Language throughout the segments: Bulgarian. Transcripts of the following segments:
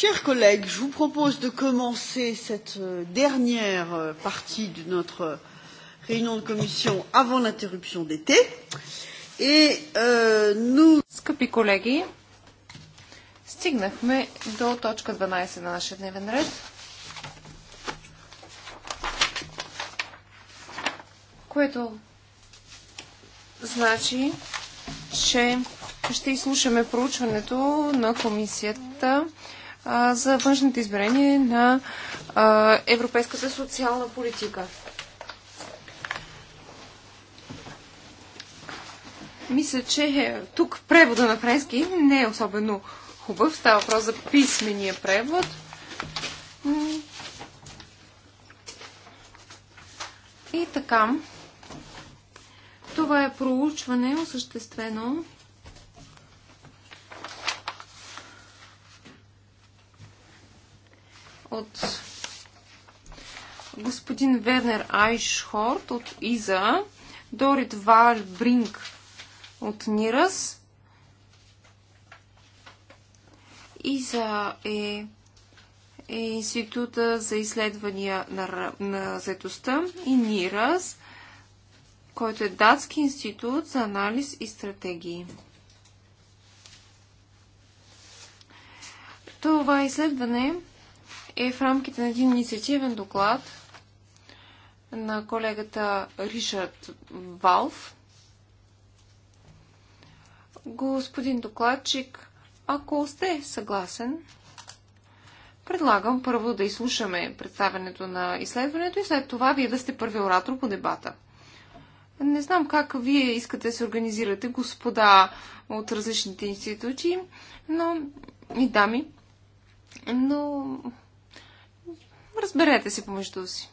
Chers collègues, je vous propose de commencer cette dernière partie de notre réunion de commission avant l'interruption d'été. Et euh, nous... Скъпи колеги, стигнахме до точка 12 на нашия дневен ред. Което значи, че ще изслушаме проучването на комисията за външните измерения на европейската социална политика. Мисля, че тук превода на френски не е особено хубав. Става въпрос за писмения превод. И така. Това е проучване, осъществено от господин Вернер Айшхорт от ИЗА, Дорит Вал Бринг от НИРАС. ИЗА е, е Института за изследвания на, на заедостта и НИРАС, който е датски институт за анализ и стратегии. Това изследване е в рамките на един инициативен доклад на колегата Ришард Валф. Господин докладчик, ако сте съгласен, предлагам първо да изслушаме представенето на изследването и след това вие да сте първи оратор по дебата. Не знам как вие искате да се организирате, господа от различните институции, но и дами, но Разберете се помежду си.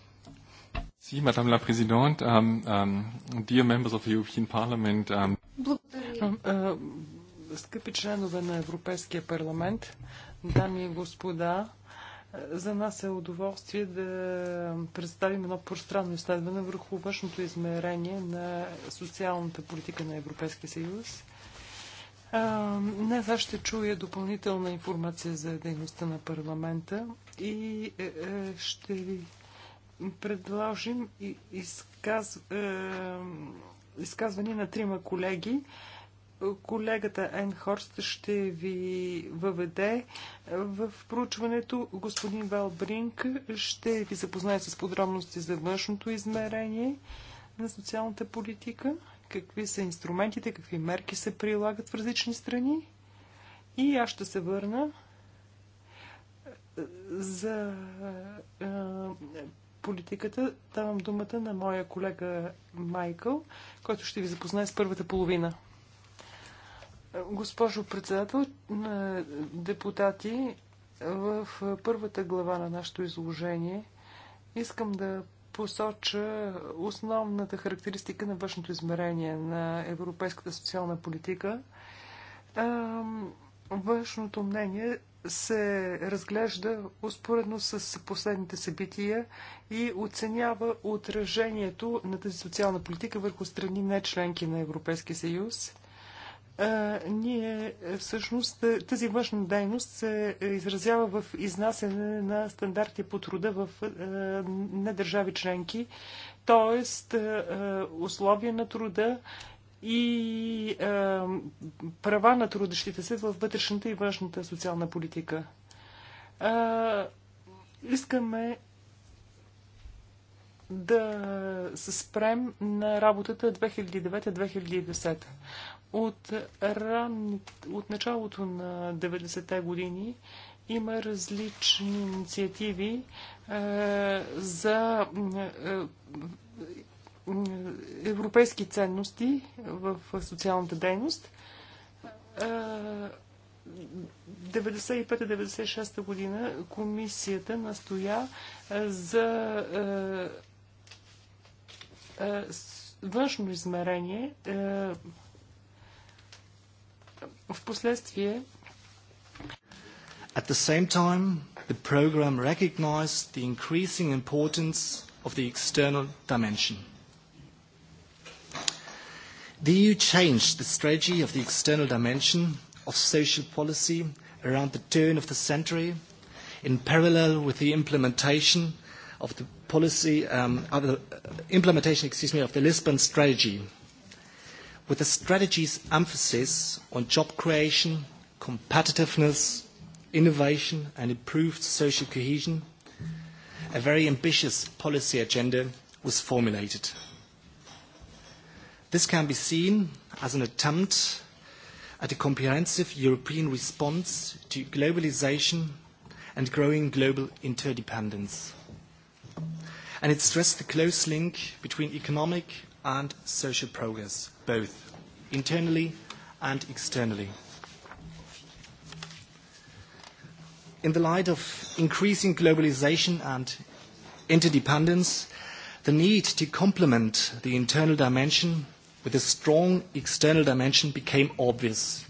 Си, мадам ла президент, Благодаря. скъпи членове на Европейския парламент, дами и господа, за нас е удоволствие да представим едно пространно изследване върху външното измерение на социалната политика на Европейския съюз. Днес аз ще чуя допълнителна информация за дейността на парламента и е, е, ще ви предложим изказ... Е, изказване на трима колеги. Колегата Енхорст ще ви въведе в проучването. Господин Валбринг ще ви запознае с подробности за външното измерение на социалната политика, какви са инструментите, какви мерки се прилагат в различни страни. И аз ще се върна за политиката давам думата на моя колега Майкъл, който ще ви запознае с първата половина. Госпожо председател, депутати, в първата глава на нашето изложение искам да посоча основната характеристика на външното измерение на европейската социална политика. Външното мнение се разглежда успоредно с последните събития и оценява отражението на тази социална политика върху страни не членки на Европейския съюз. А, ние всъщност тази външна дейност се изразява в изнасяне на стандарти по труда в недържави членки, т.е. условия на труда и е, права на трудещите се във вътрешната и външната социална политика. Е, искаме да се спрем на работата 2009-2010. От, ран... от началото на 90-те години има различни инициативи е, за е, европейски ценности в социалната дейност. 95-96 година комисията настоя за външно измерение. В последствие At the same time, the program recognized the increasing importance of the external dimension. The EU changed the strategy of the external dimension of social policy around the turn of the century in parallel with the implementation of the policy, um, of the implementation, excuse me, of the Lisbon strategy, with the strategy's emphasis on job creation, competitiveness, innovation, and improved social cohesion, a very ambitious policy agenda was formulated. This can be seen as an attempt at a comprehensive European response to globalization and growing global interdependence. And it stressed the close link between economic and social progress, both internally and externally. In the light of increasing globalization and interdependence, the need to complement the internal dimension with a strong external dimension became obvious.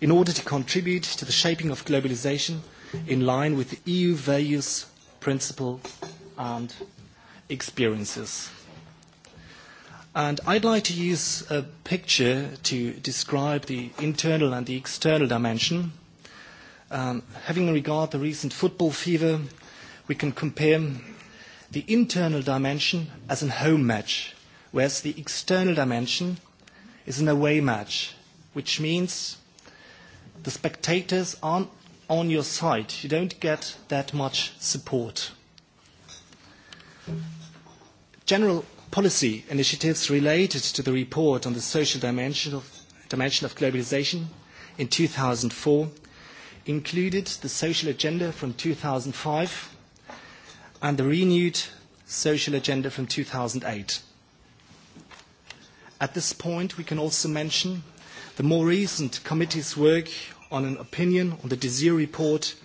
In order to contribute to the shaping of globalisation in line with the EU values, principles and experiences. And I'd like to use a picture to describe the internal and the external dimension. Um, having in regard the recent football fever, we can compare the internal dimension as a home match whereas the external dimension is an away match, which means the spectators aren't on your side. You don't get that much support. General policy initiatives related to the report on the social dimension of, dimension of globalization in 2004 included the social agenda from 2005 and the renewed social agenda from 2008. At this point, we can also mention the more recent committee's work on an opinion on the Desir report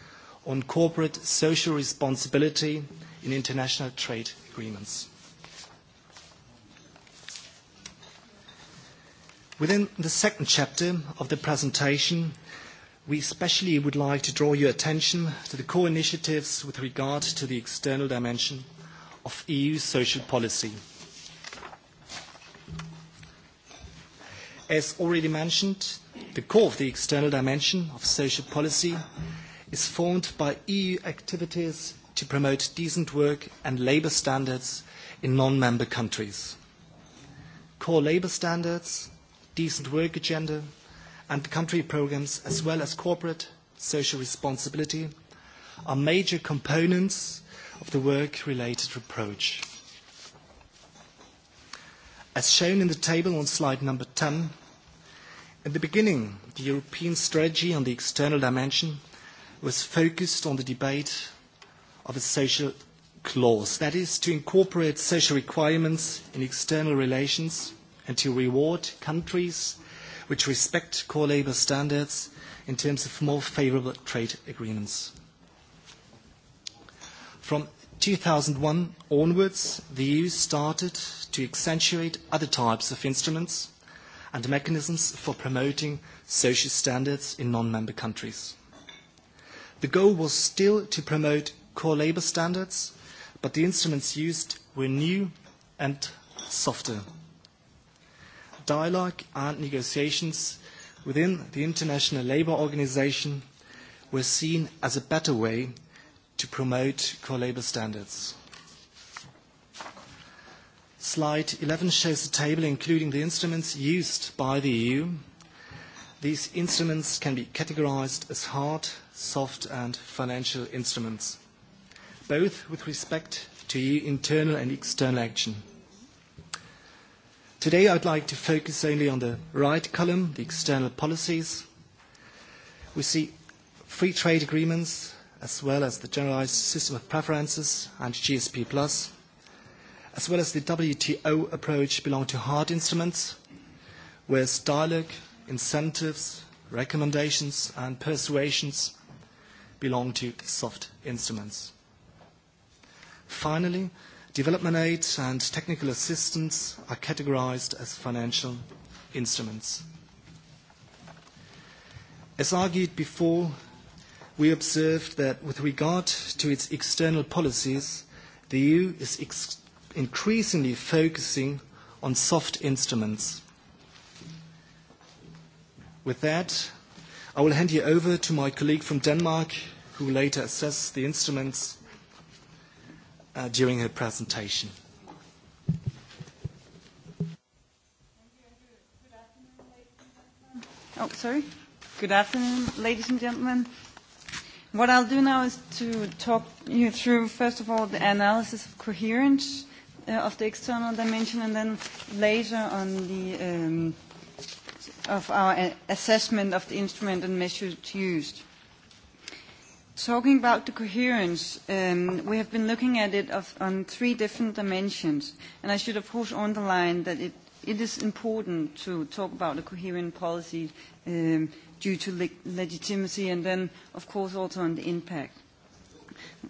on corporate social responsibility in international trade agreements. Within the second chapter of the presentation, we especially would like to draw your attention to the core initiatives with regard to the external dimension of EU social policy. As already mentioned, the core of the external dimension of social policy is formed by EU activities to promote decent work and labour standards in non-member countries. Core labour standards, decent work agenda, and country programmes, as well as corporate social responsibility, are major components of the work-related approach. As shown in the table on slide number 10, at the beginning, the European strategy on the external dimension was focused on the debate of a social clause, that is, to incorporate social requirements in external relations and to reward countries which respect core labour standards in terms of more favourable trade agreements. From 2001 onwards, the EU started to accentuate other types of instruments and mechanisms for promoting social standards in non-member countries. The goal was still to promote core labour standards, but the instruments used were new and softer. Dialogue and negotiations within the International Labour Organization were seen as a better way to promote core label standards. Slide 11 shows the table including the instruments used by the EU. These instruments can be categorised as hard, soft and financial instruments, both with respect to EU internal and external action. Today I'd like to focus only on the right column, the external policies. We see free trade agreements, as well as the Generalized System of Preferences and GSP+, as well as the WTO approach belong to hard instruments, whereas dialogue, incentives, recommendations and persuasions belong to soft instruments. Finally, development aid and technical assistance are categorized as financial instruments. As argued before, we observed that with regard to its external policies, the EU is ex increasingly focusing on soft instruments. With that, I will hand you over to my colleague from Denmark, who will later assess the instruments uh, during her presentation. Oh, sorry. Good afternoon, ladies and gentlemen. What I'll do now is to talk you through, first of all, the analysis of coherence uh, of the external dimension, and then later on the um, of our assessment of the instrument and measures used. Talking about the coherence, um, we have been looking at it of, on three different dimensions, and I should of course underline that it it is important to talk about a coherent policy um, due to le legitimacy and then, of course, also on the impact.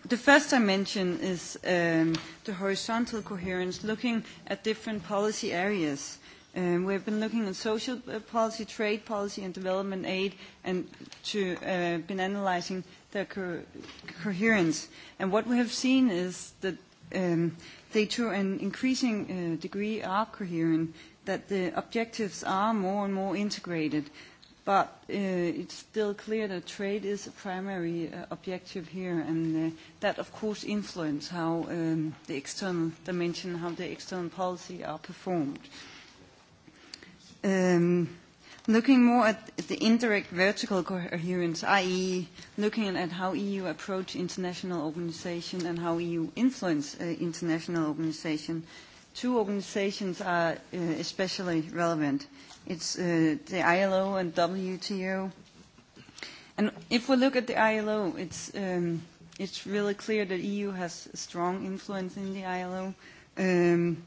The first dimension is um, the horizontal coherence, looking at different policy areas. Um, we've been looking at social policy, trade policy, and development aid, and to uh, been analyzing their co- coherence. And what we have seen is that um, they to an increasing uh, degree are coherent, that the objectives are more and more integrated. But uh, it's still clear that trade is a primary uh, objective here, and uh, that, of course, influences how um, the external dimension, how the external policy are performed. Um, looking more at the indirect vertical coherence, i.e., looking at how EU approach international organization and how EU influence uh, international organization, two organizations are uh, especially relevant. It's uh, the ILO and WTO. And if we look at the ILO, it's, um, it's really clear that EU has strong influence in the ILO. Um,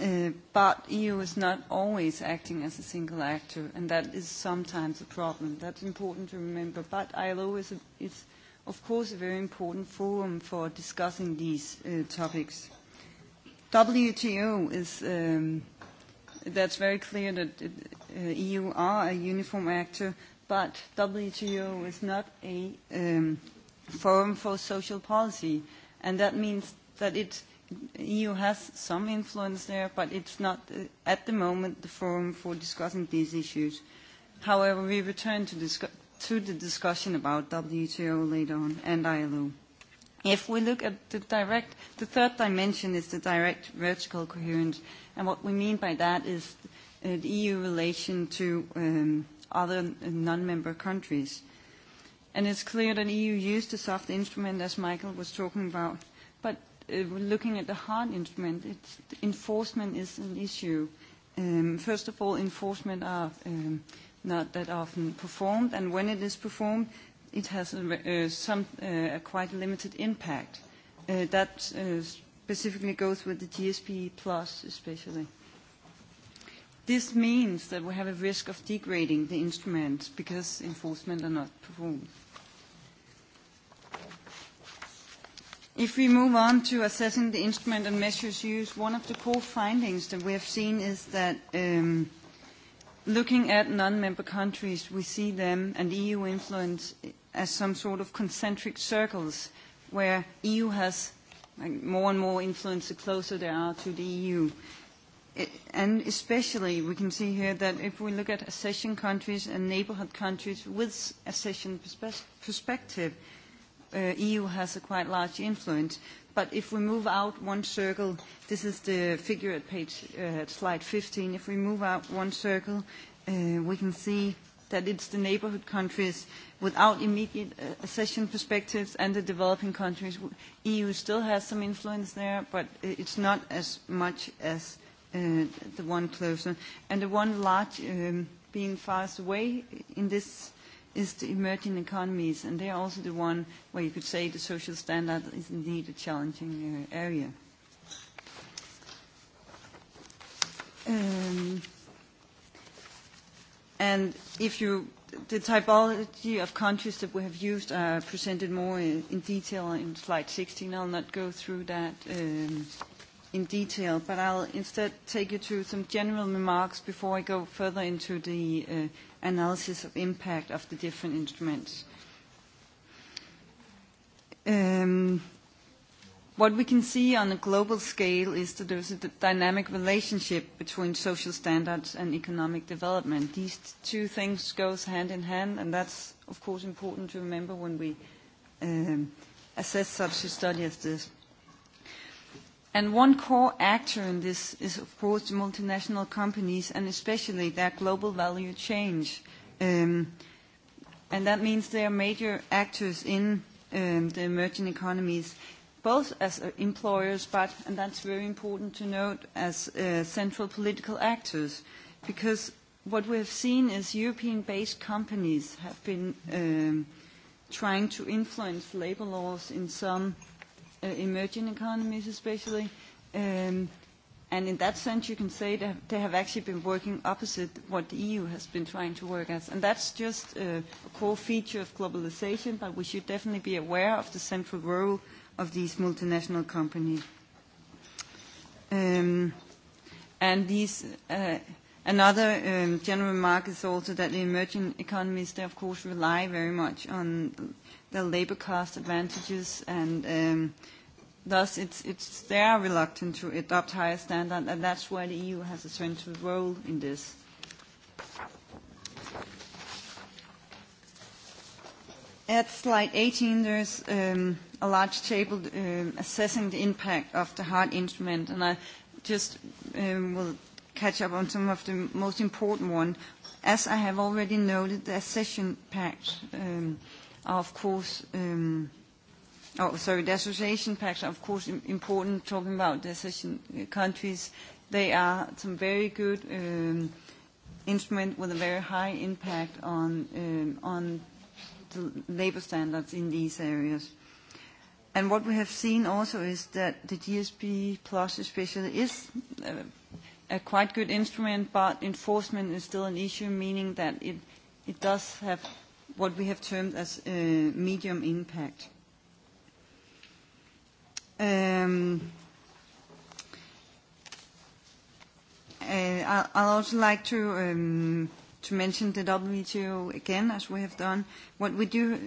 Uh but EU is not always acting as a single actor, and that is sometimes a problem. That's important to remember. But ILO is, a, is of course, a very important forum for discussing these uh, topics. WTO is um, that's very clear that it, uh, EU are a uniform actor, but WTO is not a um, forum for social policy, and that means that it's EU has some influence there, but it's not uh, at the moment the forum for discussing these issues. However, we return to, discu- to the discussion about WTO later on and ILO. If we look at the direct, the third dimension is the direct vertical coherence, and what we mean by that is uh, the EU relation to um, other non-member countries. And it's clear that EU used the soft instrument, as Michael was talking about, but looking at the hard instrument, it's, enforcement is an issue. Um, first of all, enforcement are um, not that often performed, and when it is performed, it has a, uh, some, uh, a quite limited impact. Uh, that uh, specifically goes with the GSP plus especially. This means that we have a risk of degrading the instruments because enforcement are not performed. If we move on to assessing the instrument and measures used, one of the core findings that we have seen is that um, looking at non-member countries, we see them and EU influence as some sort of concentric circles where EU has like, more and more influence the closer they are to the EU. It, and especially we can see here that if we look at accession countries and neighborhood countries with accession perspective, uh, EU has a quite large influence. But if we move out one circle, this is the figure at page uh, at slide 15. If we move out one circle, uh, we can see that it's the neighborhood countries without immediate accession perspectives and the developing countries. EU still has some influence there, but it's not as much as uh, the one closer. And the one large um, being farthest away in this is the emerging economies, and they are also the one where you could say the social standard is indeed a challenging uh, area. Um, and if you, the typology of countries that we have used are presented more in, in detail in slide 16. I'll not go through that um, in detail, but I'll instead take you through some general remarks before I go further into the uh, analysis of impact of the different instruments. Um, what we can see on a global scale is that there's a dynamic relationship between social standards and economic development. These two things go hand in hand, and that's, of course, important to remember when we um, assess such a study as this. And one core actor in this is, of course, multinational companies and especially their global value change. Um, and that means they are major actors in um, the emerging economies, both as employers, but, and that's very important to note, as uh, central political actors, because what we have seen is European-based companies have been um, trying to influence labor laws in some uh, emerging economies especially. Um, and in that sense, you can say that they have actually been working opposite what the EU has been trying to work as. And that's just uh, a core feature of globalization, but we should definitely be aware of the central role of these multinational companies. Um, and these... Uh, Another um, general remark is also that the emerging economies, they of course rely very much on the labor cost advantages and um, thus it's, it's, they are reluctant to adopt higher standards and that's why the EU has a central role in this. At slide 18, there's um, a large table um, assessing the impact of the hard instrument, and I just um, will catch up on some of the most important ones. As I have already noted, the accession pact um, are, of course, um, oh, sorry, the association pacts are, of course, important, talking about the accession countries. They are some very good um, instrument with a very high impact on, um, on the labor standards in these areas. And what we have seen also is that the GSP Plus especially is a quite good instrument, but enforcement is still an issue, meaning that it, it does have what we have termed as uh, medium impact. Um, uh, I'd also like to um, to mention the WTO again, as we have done. What we do,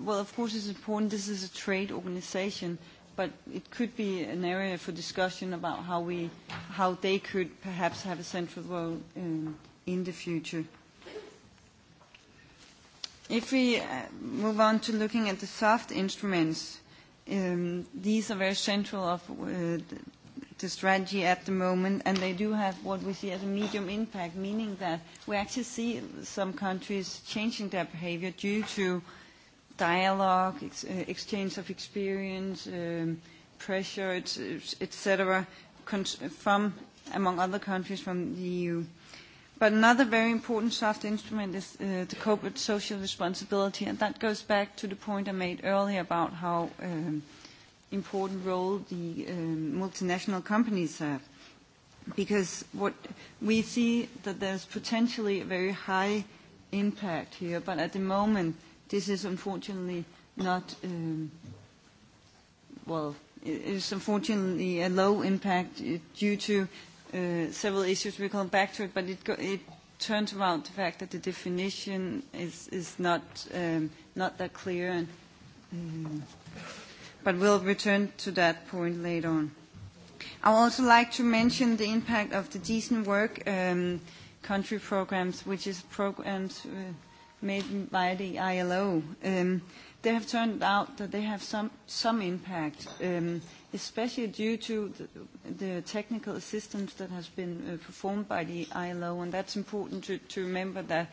well, of course, it's important. This is a trade organization, uh, but it could be an area for discussion about how we, how they could perhaps have a central role um, in the future. If we move on to looking at the soft instruments, um, these are very central of uh, the strategy at the moment, and they do have what we see as a medium impact, meaning that we actually see some countries changing their behavior due to uh, dialogue, ex exchange of experience, um, pressure, etc., from, among other countries, from the EU. But another very important soft instrument is uh, the corporate social responsibility, and that goes back to the point I made earlier about how um, important role the um, multinational companies have. Because what we see that there's potentially a very high impact here, but at the moment This is unfortunately not, um, well, it is unfortunately a low impact due to uh, several issues. We come back to it, but it, go, it turns around the fact that the definition is, is not, um, not that clear. And, um, but we'll return to that point later on. I would also like to mention the impact of the Decent Work um, country programs, which is programs made by the ILO, um, they have turned out that they have some, some impact, um, especially due to the, the technical assistance that has been uh, performed by the ILO, and that's important to, to remember that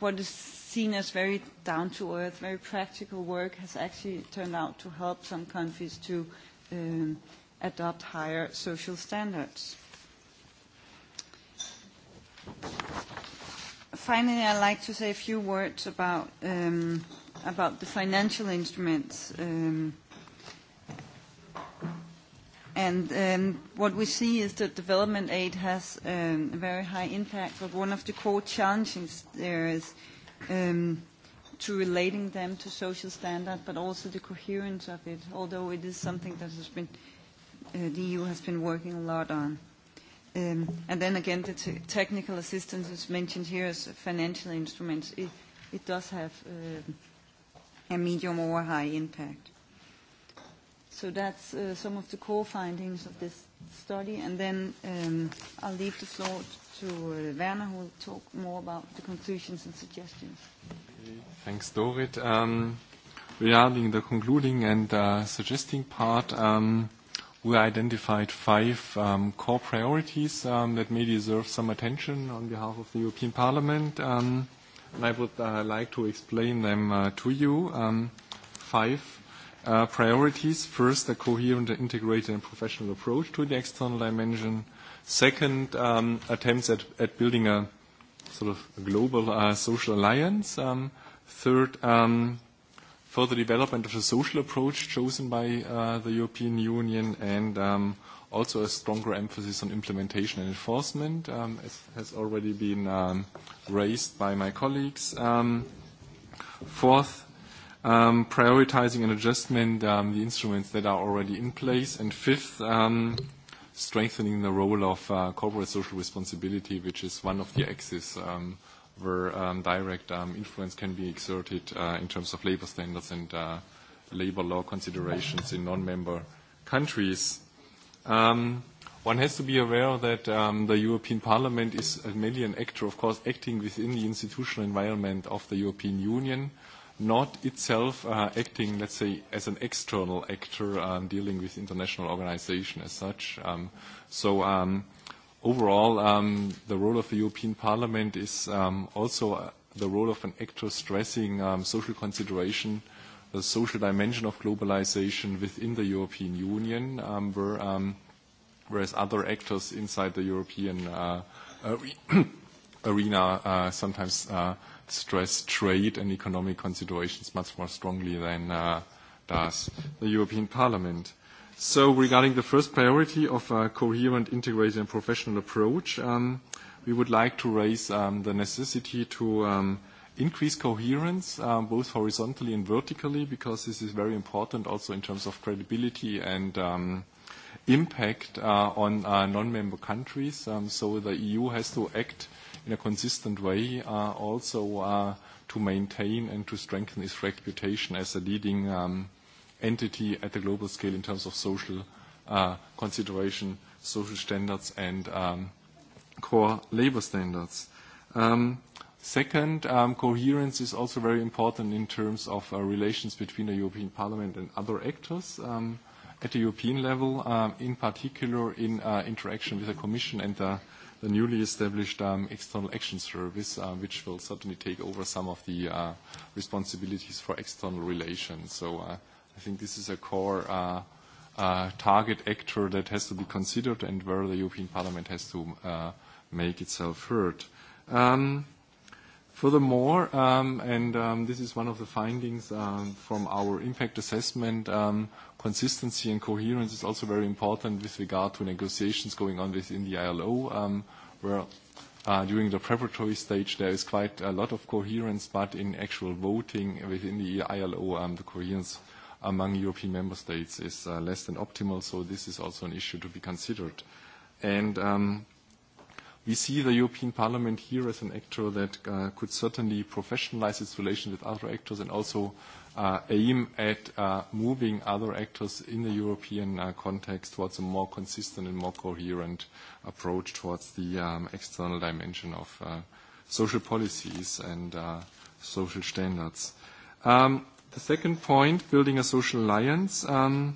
what is seen as very down to earth, very practical work has actually turned out to help some countries to um, adopt higher social standards. Finally, I'd like to say a few words about um, about the financial instruments. Um, and um, what we see is that development aid has um, a very high impact, but one of the core challenges there is um, to relating them to social standard, but also the coherence of it, although it is something that has been, uh, the EU has been working a lot on. Um, and then again, the t technical assistance is mentioned here as financial instruments. It, it does have uh, a medium or high impact. So that's uh, some of the core findings of this study. And then um, I'll leave the floor to uh, Werner, who will talk more about the conclusions and suggestions. Okay. Thanks, Dorit. Um, regarding the concluding and uh, suggesting part, um, we identified five um, core priorities um, that may deserve some attention on behalf of the European Parliament. Um, and I would uh, like to explain them uh, to you. Um, five uh, priorities. First, a coherent, integrated, and professional approach to the external dimension. Second, um, attempts at, at building a sort of global uh, social alliance. Um, third, um, further development of the social approach chosen by uh, the European Union and um, also a stronger emphasis on implementation and enforcement, um, as has already been um, raised by my colleagues. Um, fourth, um, prioritizing and adjustment um, the instruments that are already in place. And fifth, um, strengthening the role of uh, corporate social responsibility, which is one of the axes um, – where um, direct um, influence can be exerted uh, in terms of labor standards and uh, labor law considerations in non-member countries. Um, one has to be aware that um, the European Parliament is mainly an actor, of course, acting within the institutional environment of the European Union, not itself uh, acting, let's say, as an external actor um, dealing with international organization as such. Um, so um, overall, um, the role of the European Parliament is um, also the role of an actor stressing um, social consideration, the social dimension of globalization within the European Union, um, where, um, whereas other actors inside the European uh, arena uh, sometimes uh, stress trade and economic considerations much more strongly than uh, does the European Parliament. So regarding the first priority of a coherent, integrated, and professional approach, um, we would like to raise um, the necessity to um, increase coherence, um, both horizontally and vertically, because this is very important also in terms of credibility and um, impact uh, on uh, non-member countries. Um, so the EU has to act in a consistent way uh, also uh, to maintain and to strengthen its reputation as a leading um, entity at the global scale in terms of social uh, consideration, social standards, and um, core labor standards. Um, second, um, coherence is also very important in terms of uh, relations between the European Parliament and other actors. Um, at the European level, um, in particular in uh, interaction with the Commission and the, the newly established um, External Action Service, uh, which will certainly take over some of the uh, responsibilities for external relations. So uh, I think this is a core uh, uh, target actor that has to be considered and where the European Parliament has to uh, make itself heard. Um, furthermore, um, and um, this is one of the findings um, from our impact assessment, um, consistency and coherence is also very important with regard to negotiations going on within the ILO, um, where uh, during the preparatory stage there is quite a lot of coherence, but in actual voting within the ILO, um, the coherence – among European member states is uh, less than optimal, so this is also an issue to be considered. And um, we see the European Parliament here as an actor that uh, could certainly professionalize its relations with other actors and also uh, aim at uh, moving other actors in the European uh, context towards a more consistent and more coherent approach towards the um, external dimension of uh, social policies and uh, social standards. Um, The second point, building a social alliance. I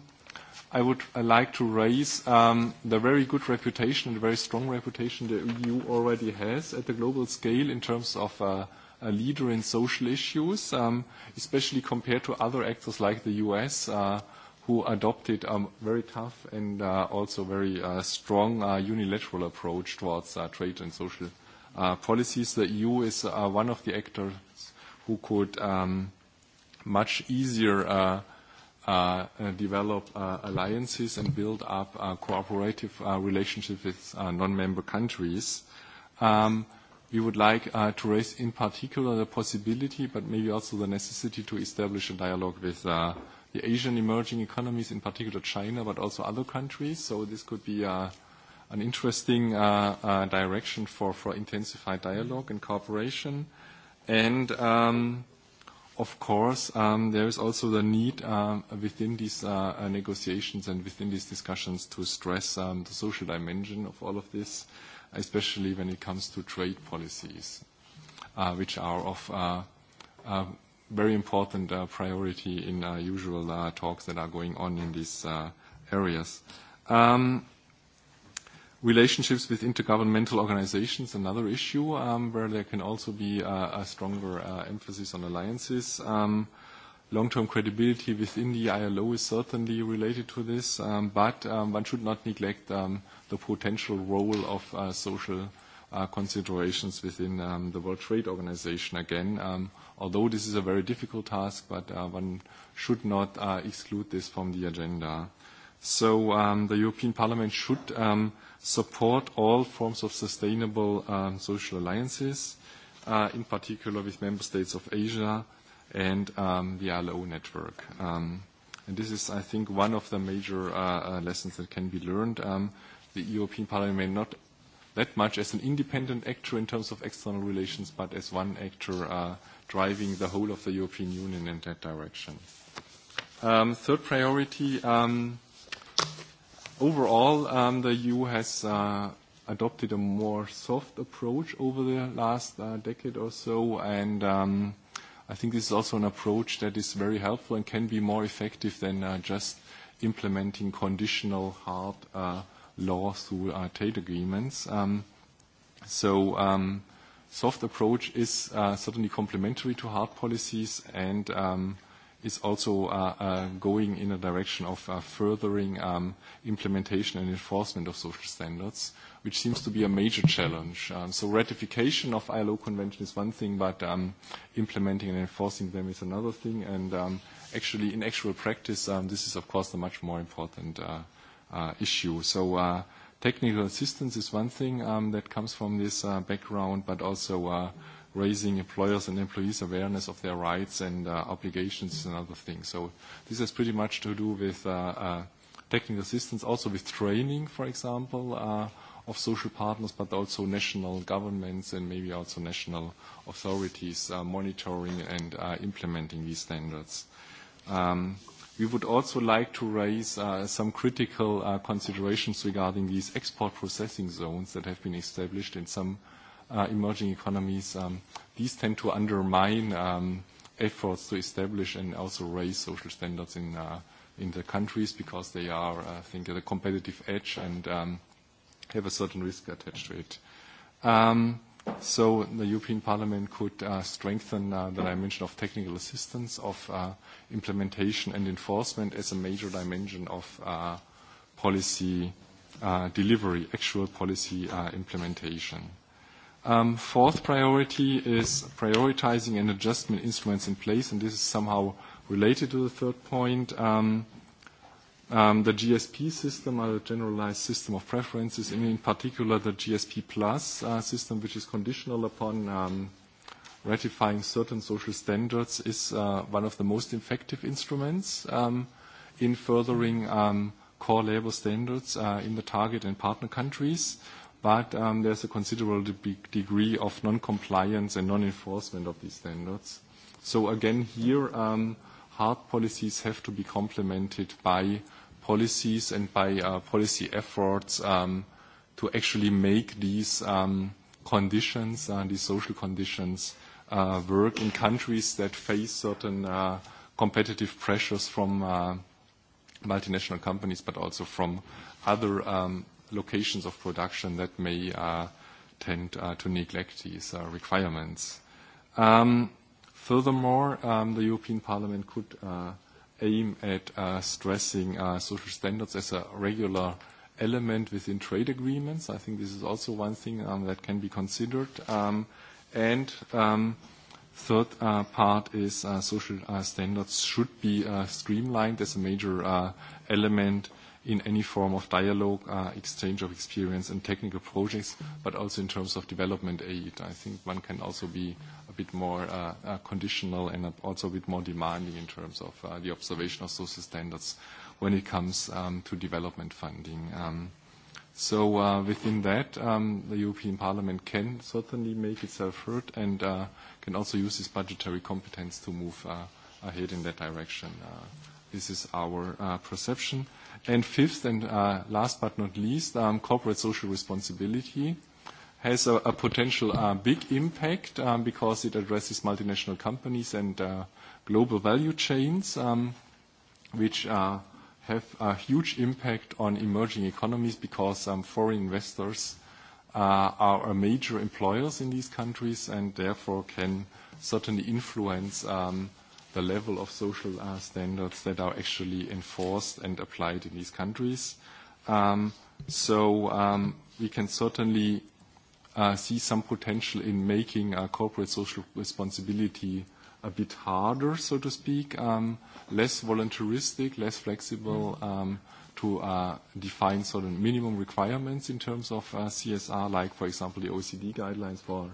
would like to raise um, the very good reputation and very strong reputation the EU already has at the global scale in terms of uh, a leader in social issues, um, especially compared to other actors like the US, uh, who adopted a very tough and uh, also very uh, strong uh, unilateral approach towards uh, trade and social uh, policies. The EU is uh, one of the actors who could um, much easier uh, uh, develop uh, alliances and build up uh, cooperative uh, relationships with uh, non-member countries. Um, we would like uh, to raise in particular the possibility, but maybe also the necessity to establish a dialogue with uh, the Asian emerging economies, in particular China, but also other countries. So this could be uh, an interesting uh, uh, direction for, for intensified dialogue and cooperation. And um, of course, um, there is also the need within these uh, negotiations and within these discussions to stress um, the social dimension of all of this, especially when it comes to trade policies, uh, which are of uh, uh, very important uh, priority in uh, usual uh, talks that are going on in these uh, areas. Um, Relationships with intergovernmental organizations, another issue um, where there can also be uh, a stronger uh, emphasis on alliances. Um, long-term credibility within the ILO is certainly related to this, um, but um, one should not neglect um, the potential role of uh, social uh, considerations within um, the World Trade Organization again, um, although this is a very difficult task, but uh, one should not uh, exclude this from the agenda. So um, the European Parliament should um, – support all forms of sustainable um, social alliances, uh, in particular with member states of Asia and um, the ILO network. Um, and this is, I think, one of the major uh, uh, lessons that can be learned. Um, the European Parliament may not that much as an independent actor in terms of external relations, but as one actor uh, driving the whole of the European Union in that direction. Um, third priority, um, overall, um, the EU has uh, adopted a more soft approach over the last uh, decade or so, and um, I think this is also an approach that is very helpful and can be more effective than uh, just implementing conditional hard uh, through uh, trade agreements. Um, so um, soft approach is uh, certainly complementary to hard policies and um, – is also uh, uh, going in a direction of uh, furthering um, implementation and enforcement of social standards, which seems to be a major challenge. Um, so ratification of ILO convention is one thing, but um, implementing and enforcing them is another thing. And um, actually, in actual practice, um, this is of course a much more important uh, uh, issue. So. Uh, Technical assistance is one thing um, that comes from this uh, background, but also uh, raising employers and employees' awareness of their rights and uh, obligations and other things. So this has pretty much to do with uh, uh, technical assistance, also with training, for example, uh, of social partners, but also national governments and maybe also national authorities uh, monitoring and uh, implementing these standards. Um, We would also like to raise some critical considerations regarding these export processing zones that have been established in some uh, emerging economies, um, these tend to undermine um, efforts to establish and also raise social standards in, uh, in the countries because they are, I think, at a competitive edge and um, have a certain risk attached to it. Um, so the European Parliament could uh, strengthen uh, the dimension of technical assistance, of uh, implementation and enforcement as a major dimension of uh, policy uh, delivery, actual policy uh, implementation fourth priority is prioritizing and adjustment instruments in place, and this is somehow related to the third point. the GSP system, or the generalized system of preferences, and in particular the GSP plus system, which is conditional upon ratifying certain social standards, is one of the most effective instruments in furthering core labor standards in the target and partner countries but um, there's a considerable degree of non-compliance and non-enforcement of these standards. So again, here, um, hard policies have to be complemented by policies and by uh, policy efforts um, to actually make these um, conditions, uh, these social conditions, uh, work in countries that face certain uh, competitive pressures from uh, multinational companies, but also from other um, locations of production that may uh, tend uh, to neglect these uh, requirements. Um, furthermore, um, the European Parliament could uh, aim at uh, stressing uh, social standards as a regular element within trade agreements. I think this is also one thing um, that can be considered. Um, and um, third uh, part is uh, social uh, standards should be uh, streamlined as a major uh, element in any form of dialogue, uh, exchange of experience and technical projects, but also in terms of development aid. I think one can also be a bit more uh, uh, conditional and also a bit more demanding in terms of uh, the observation of social standards when it comes um, to development funding. Um, so uh, within that, um, the European Parliament can certainly make itself heard and uh, can also use its budgetary competence to move uh, ahead in that direction. Uh, this is our uh, perception. And fifth, and uh, last but not least, um, corporate social responsibility has a, a potential uh, big impact because it addresses multinational companies and uh, global value chains, which uh, have a huge impact on emerging economies because um, foreign investors are major employers in these countries and therefore can certainly influence um, the level of social uh, standards that are actually enforced and applied in these countries. Um, so um, we can certainly uh, see some potential in making uh, corporate social responsibility a bit harder, so to speak, um, less voluntaristic, less flexible um, to uh, define certain minimum requirements in terms of uh, CSR, like, for example, the OECD guidelines for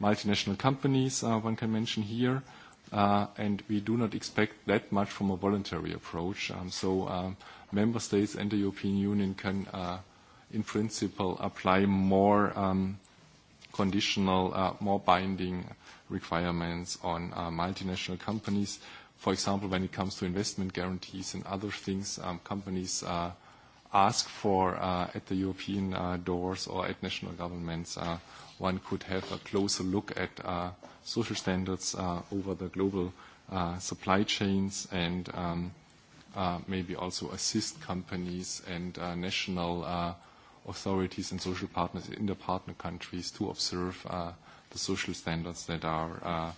multinational companies, uh, one can mention here and we do not expect that much from a voluntary approach. So member states and the European Union can, in principle, apply more conditional, more binding requirements on multinational companies. For example, when it comes to investment guarantees and other things, companies are ask for uh, at the European uh, doors or at national governments. Uh, one could have a closer look at uh, social standards uh, over the global uh, supply chains and um, uh, maybe also assist companies and uh, national uh, authorities and social partners in the partner countries to observe uh, the social standards that are uh,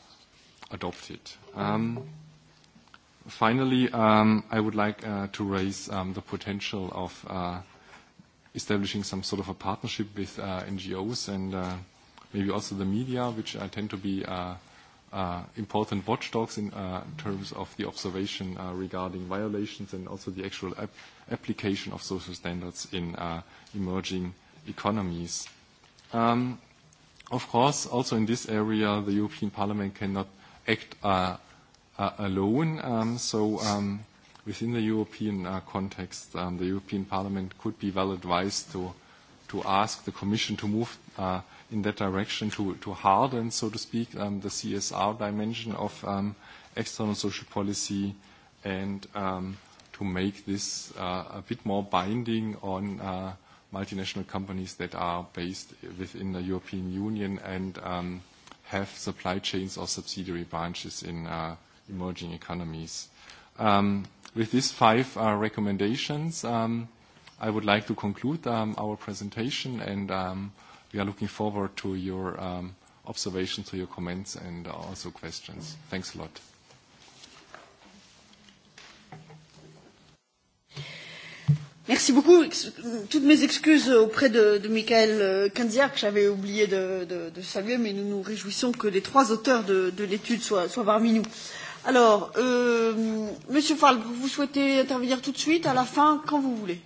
adopted. Um, Finally, um I would like uh to raise um the potential of uh establishing some sort of a partnership with uh NGOs and uh maybe also the media, which uh tend to be uh uh important watchdogs in uh terms of the observation uh regarding violations and also the actual application of social standards in uh emerging economies. Um Of course, also in this area, the European Parliament cannot act uh alone. so within the European context, the European Parliament could be well advised to to ask the Commission to move uh, in that direction to, to harden, so to speak, um, the CSR dimension of um, external social policy and um, to make this uh, a bit more binding on uh, multinational companies that are based within the European Union and um, have supply chains or subsidiary branches in uh, emerging economies. Um, with these five uh, recommendations, um, I would like to conclude um, our presentation, and um, we are looking forward to your um, observations, to your comments, and also questions. Thanks a lot. Merci beaucoup. Toutes mes excuses auprès de, de Michael Kanziar, que j'avais oublié de, de, de saluer, mais nous nous réjouissons que les trois auteurs de, de l'étude soient, soient parmi nous. Euh, Alors, euh, Monsieur falk vous souhaitez intervenir tout de suite, à la fin, quand vous voulez.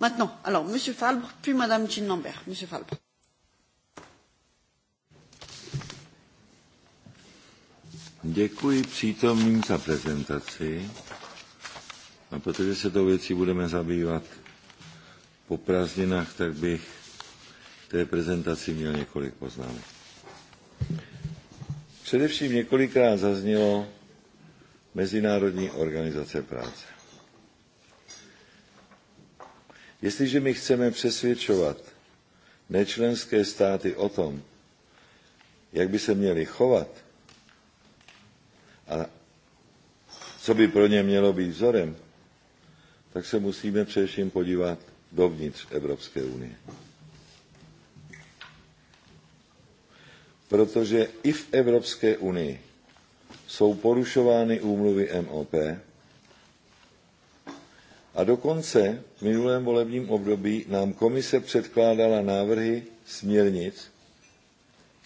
Maintenant, alors Monsieur Falbre, puis Madame Jean Lambert. Monsieur Falbre. Děkuji přítomným za prezentaci. A protože se tou věcí budeme zabývat po prázdninách, tak bych té prezentaci měl několik poznámek. Především několikrát zaznělo Mezinárodní organizace práce. Jestliže my chceme přesvědčovat nečlenské státy o tom, jak by se měli chovat a co by pro ně mělo být vzorem, tak se musíme především podívat dovnitř Evropské unie. protože i v Evropské unii jsou porušovány úmluvy MOP a dokonce v minulém volebním období nám komise předkládala návrhy směrnic,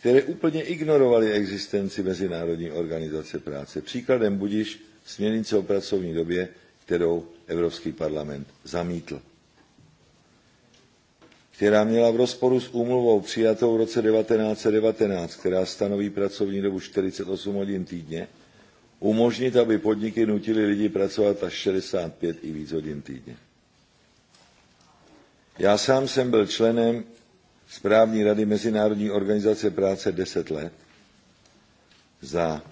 které úplně ignorovaly existenci Mezinárodní organizace práce. Příkladem budiš směrnice o pracovní době, kterou Evropský parlament zamítl která měla v rozporu s úmluvou přijatou v roce 1919, která stanoví pracovní dobu 48 hodin týdně, umožnit, aby podniky nutily lidi pracovat až 65 i víc hodin týdně. Já sám jsem byl členem správní rady Mezinárodní organizace práce 10 let za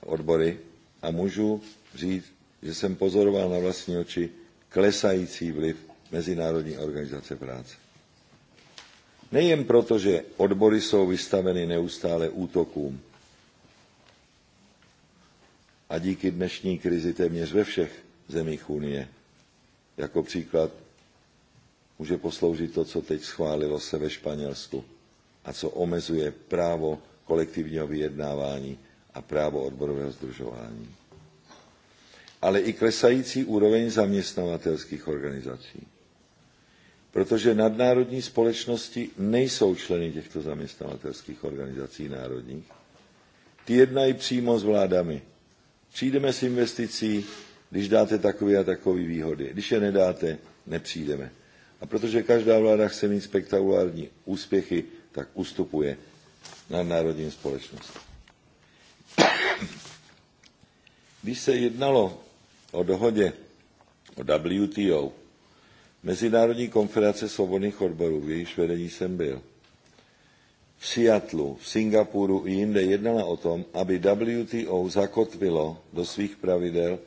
odbory a můžu říct, že jsem pozoroval na vlastní oči klesající vliv Mezinárodní organizace práce. Nejen proto, že odbory jsou vystaveny neustále útokům a díky dnešní krizi téměř ve všech zemích Unie. Jako příklad může posloužit to, co teď schválilo se ve Španělsku a co omezuje právo kolektivního vyjednávání a právo odborového združování. Ale i klesající úroveň zaměstnavatelských organizací protože nadnárodní společnosti nejsou členy těchto zaměstnavatelských organizací národních. Ty jednají přímo s vládami. Přijdeme s investicí, když dáte takové a takové výhody. Když je nedáte, nepřijdeme. A protože každá vláda chce mít spektakulární úspěchy, tak ustupuje nadnárodním společnostem. Když se jednalo o dohodě o WTO, Mezinárodní konference svobodných odborů, v jejíž vedení jsem byl. V Seattlu, v Singapuru i jinde jednala o tom, aby WTO zakotvilo do svých pravidel,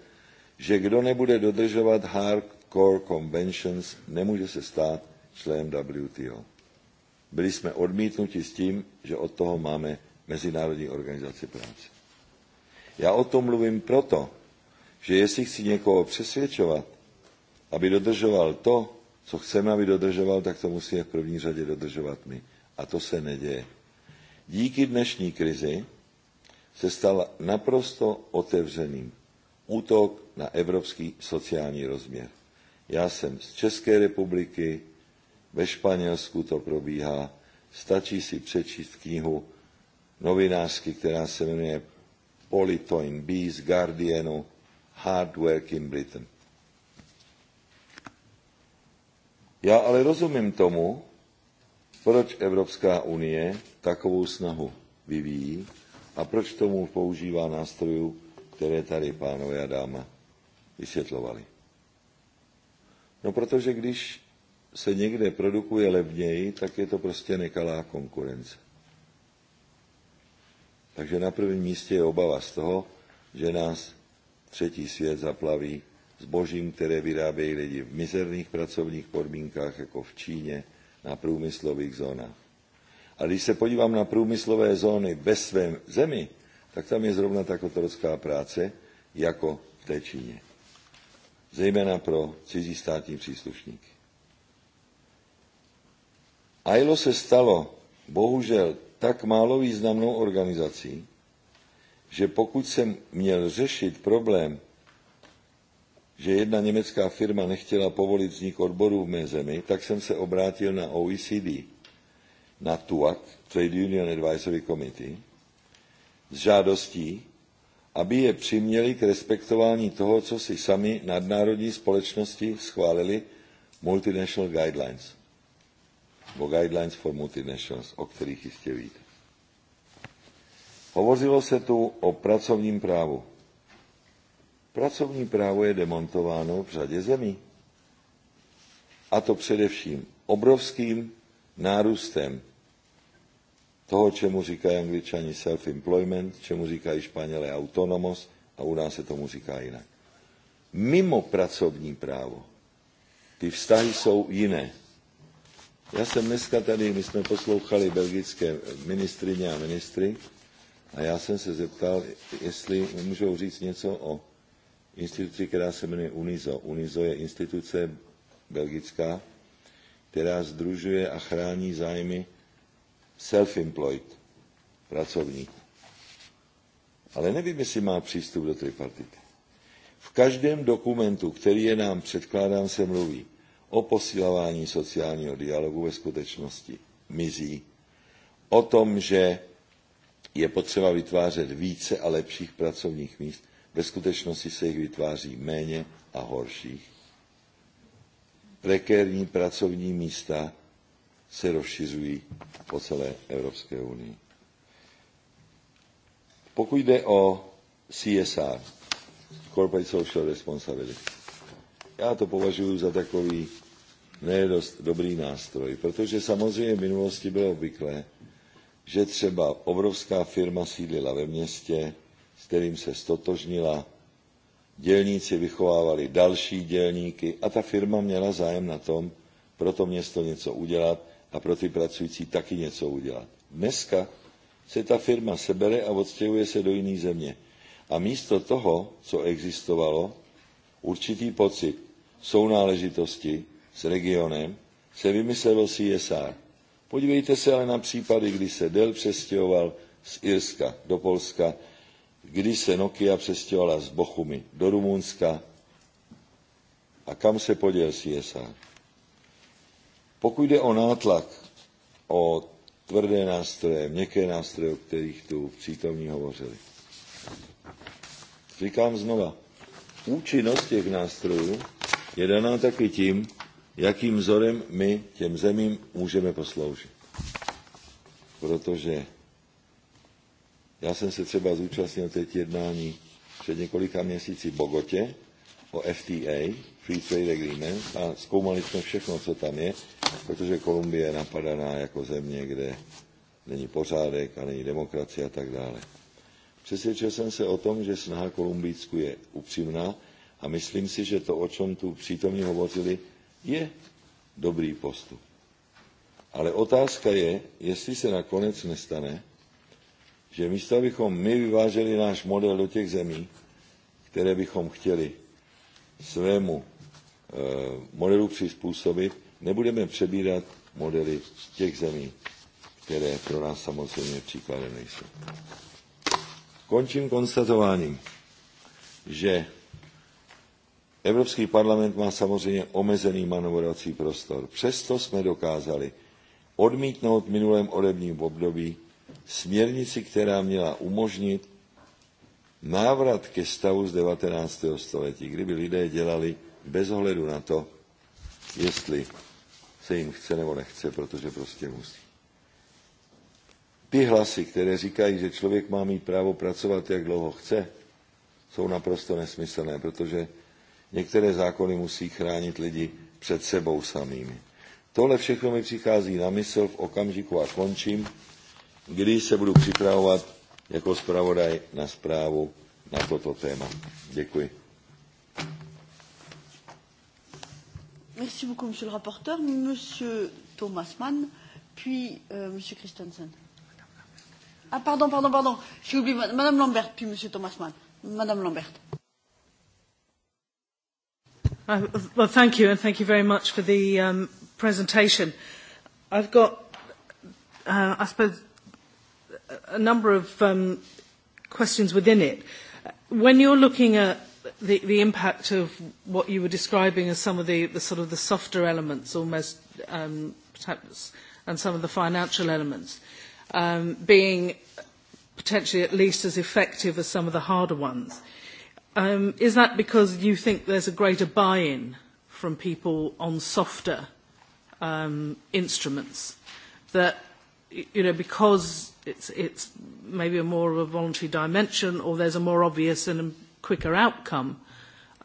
že kdo nebude dodržovat hardcore conventions, nemůže se stát členem WTO. Byli jsme odmítnuti s tím, že od toho máme Mezinárodní organizaci práce. Já o tom mluvím proto, že jestli chci někoho přesvědčovat, aby dodržoval to, co chceme, aby dodržoval, tak to musíme v první řadě dodržovat my. A to se neděje. Díky dnešní krizi se stal naprosto otevřeným útok na evropský sociální rozměr. Já jsem z České republiky, ve Španělsku to probíhá, stačí si přečíst knihu novinářky, která se jmenuje Politoin Bees Guardianu Hard Work in Britain Já ale rozumím tomu, proč Evropská unie takovou snahu vyvíjí a proč tomu používá nástrojů, které tady pánové a dáma vysvětlovali. No protože když se někde produkuje levněji, tak je to prostě nekalá konkurence. Takže na prvním místě je obava z toho, že nás třetí svět zaplaví zbožím, které vyrábějí lidi v mizerných pracovních podmínkách, jako v Číně, na průmyslových zónách. A když se podívám na průmyslové zóny ve svém zemi, tak tam je zrovna tak otrocká práce, jako v té Číně. Zejména pro cizí státní příslušníky. ILO se stalo bohužel tak málo významnou organizací, že pokud jsem měl řešit problém že jedna německá firma nechtěla povolit vznik odborů v mé zemi, tak jsem se obrátil na OECD, na TUAC, Trade Union Advisory Committee, s žádostí, aby je přiměli k respektování toho, co si sami nadnárodní společnosti schválili Multinational Guidelines, nebo Guidelines for Multinationals, o kterých jistě víte. Hovořilo se tu o pracovním právu. Pracovní právo je demontováno v řadě zemí. A to především obrovským nárůstem toho, čemu říkají angličani self-employment, čemu říkají španělé autonomos a u nás se tomu říká jinak. Mimo pracovní právo ty vztahy jsou jiné. Já jsem dneska tady, my jsme poslouchali belgické ministrině a ministry a já jsem se zeptal, jestli můžou říct něco o instituci, která se jmenuje UNIZO. UNIZO je instituce belgická, která združuje a chrání zájmy self-employed pracovníků. Ale nevím, jestli má přístup do tripartity. V každém dokumentu, který je nám předkládán, se mluví o posilování sociálního dialogu ve skutečnosti mizí, o tom, že je potřeba vytvářet více a lepších pracovních míst. Ve skutečnosti se jich vytváří méně a horších. Prekérní pracovní místa se rozšiřují po celé Evropské unii. Pokud jde o CSR, Corporate Social Responsibility, já to považuji za takový nedost dobrý nástroj, protože samozřejmě v minulosti bylo obvyklé, že třeba obrovská firma sídlila ve městě, kterým se stotožnila. Dělníci vychovávali další dělníky a ta firma měla zájem na tom, pro to město něco udělat a pro ty pracující taky něco udělat. Dneska se ta firma sebere a odstěhuje se do jiné země. A místo toho, co existovalo, určitý pocit sounáležitosti s regionem, se vymyslelo CSR. Podívejte se ale na případy, kdy se Dell přestěhoval z Irska do Polska Kdy se Nokia přestěhovala z Bochumy do Rumunska a kam se poděl CSR? Pokud jde o nátlak, o tvrdé nástroje, měkké nástroje, o kterých tu přítomní hovořili. Říkám znova, účinnost těch nástrojů je daná taky tím, jakým vzorem my těm zemím můžeme posloužit. Protože Já jsem se třeba zúčastnil teď jednání před několika měsíci v Bogotě o FTA, Free Trade Agreement, a zkoumali jsme všechno, co tam je, protože Kolumbie je napadaná jako země, kde není pořádek a není demokracie a tak dále. Přesvědčil jsem se o tom, že snaha Kolumbijsku je upřímná a myslím si, že to, o čem tu přítomní hovořili, je dobrý postup. Ale otázka je, jestli se nakonec nestane, že místo, abychom my vyváželi náš model do těch zemí, které bychom chtěli svému modelu přizpůsobit, nebudeme přebírat modely těch zemí, které pro nás samozřejmě příkladem nejsou. Končím konstatováním, že Evropský parlament má samozřejmě omezený manevrovací prostor. Přesto jsme dokázali odmítnout v minulém odebním období směrnici, která měla umožnit návrat ke stavu z 19. století, kdyby lidé dělali bez ohledu na to, jestli se jim chce nebo nechce, protože prostě musí. Ty hlasy, které říkají, že člověk má mít právo pracovat, jak dlouho chce, jsou naprosto nesmyslné, protože některé zákony musí chránit lidi před sebou samými. Tohle všechno mi přichází na mysl v okamžiku a končím kdy se budu připravovat jako zpravodaj na zprávu na toto téma. Děkuji. Merci beaucoup, Monsieur le rapporteur. Monsieur Thomas Mann, puis euh, Monsieur Christensen. Ah, pardon, pardon, pardon. J'ai oublié Madame Lambert, puis Monsieur Thomas Mann. Madame Lambert. Uh, well, thank you, and thank you very much for the um, presentation. I've got, uh, I suppose, a number of um, questions within it. When you're looking at the, the impact of what you were describing as some of the, the sort of the softer elements almost um, perhaps, and some of the financial elements um, being potentially at least as effective as some of the harder ones. Um, is that because you think there's a greater buy-in from people on softer um, instruments that, you know, because it's, it's maybe a more of a voluntary dimension or there's a more obvious and a quicker outcome,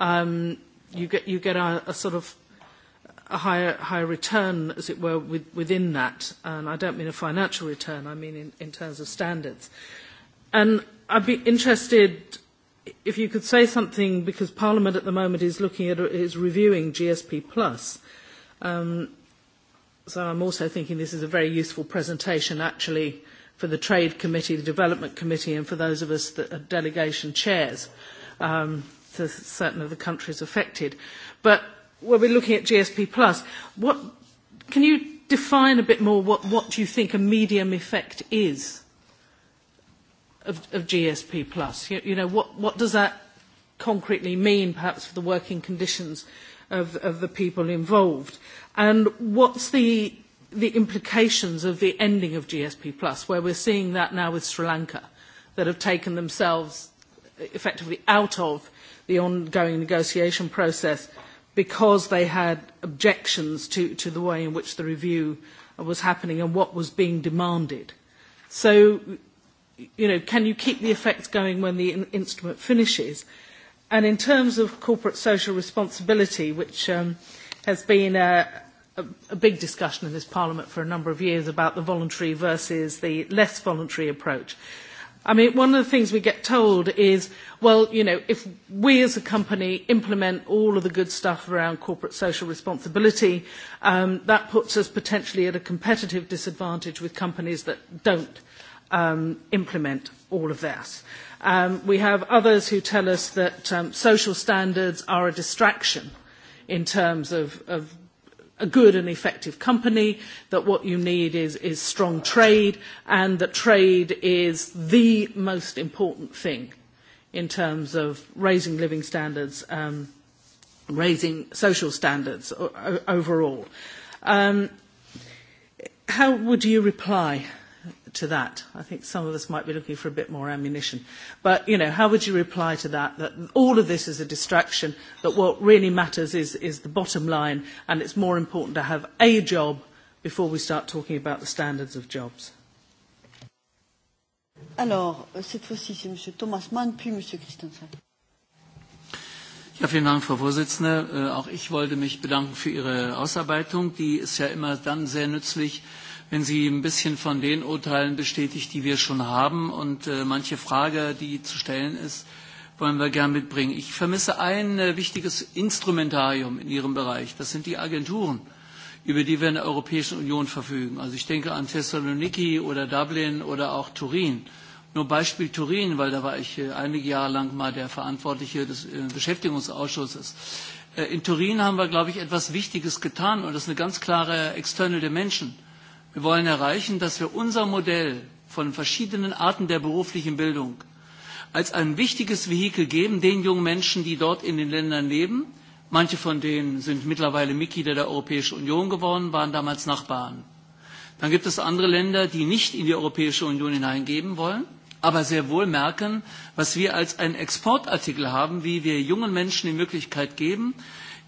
um, you get, you get a, a sort of a higher, higher return, as it were, with, within that. And I don't mean a financial return, I mean in, in terms of standards. And I'd be interested if you could say something, because Parliament at the moment is looking at, is reviewing GSP Plus. Um, so I'm also thinking this is a very useful presentation, actually, for the Trade Committee, the Development Committee, and for those of us that are delegation chairs um, to certain of the countries affected. But when we're looking at GSP Plus, what can you define a bit more what, what do you think a medium effect is of, of GSP Plus? You, you know, what, what does that concretely mean, perhaps, for the working conditions of, of the people involved? And what's the the implications of the ending of GSP Plus, where we're seeing that now with Sri Lanka, that have taken themselves effectively out of the ongoing negotiation process because they had objections to, to the way in which the review was happening and what was being demanded. So, you know, can you keep the effects going when the in- instrument finishes? And in terms of corporate social responsibility, which um, has been a, a, a big discussion in this Parliament for a number of years about the voluntary versus the less voluntary approach. I mean, one of the things we get told is, well, you know, if we as a company implement all of the good stuff around corporate social responsibility, um, that puts us potentially at a competitive disadvantage with companies that don't um, implement all of this. Um, we have others who tell us that um, social standards are a distraction in terms of, of a good and effective company, that what you need is, is strong trade, and that trade is the most important thing in terms of raising living standards, um, raising social standards overall. Um, how would you reply to that. I think some of us might be looking for a bit more ammunition. But, you know, how would you reply to that? That all of this is a distraction, that what really matters is, is the bottom line, and it's more important to have a job before we start talking about the standards of jobs. Alors, cette fois-ci, c'est M. Thomas Mann, puis M. Christensen. Ja, vielen Dank, Frau Vorsitzende. Auch ich wollte mich bedanken für Ihre Ausarbeitung. Die ist ja immer dann sehr nützlich, wenn sie ein bisschen von den Urteilen bestätigt, die wir schon haben. Und manche Frage, die zu stellen ist, wollen wir gern mitbringen. Ich vermisse ein wichtiges Instrumentarium in Ihrem Bereich. Das sind die Agenturen, über die wir in der Europäischen Union verfügen. Also ich denke an Thessaloniki oder Dublin oder auch Turin. Nur Beispiel Turin, weil da war ich einige Jahre lang mal der Verantwortliche des Beschäftigungsausschusses. In Turin haben wir, glaube ich, etwas Wichtiges getan und das ist eine ganz klare External Dimension. Wir wollen erreichen, dass wir unser Modell von verschiedenen Arten der beruflichen Bildung als ein wichtiges Vehikel geben den jungen Menschen, die dort in den Ländern leben. Manche von denen sind mittlerweile Mitglieder der Europäischen Union geworden, waren damals Nachbarn. Dann gibt es andere Länder, die nicht in die Europäische Union hineingeben wollen, aber sehr wohl merken, was wir als einen Exportartikel haben, wie wir jungen Menschen die Möglichkeit geben,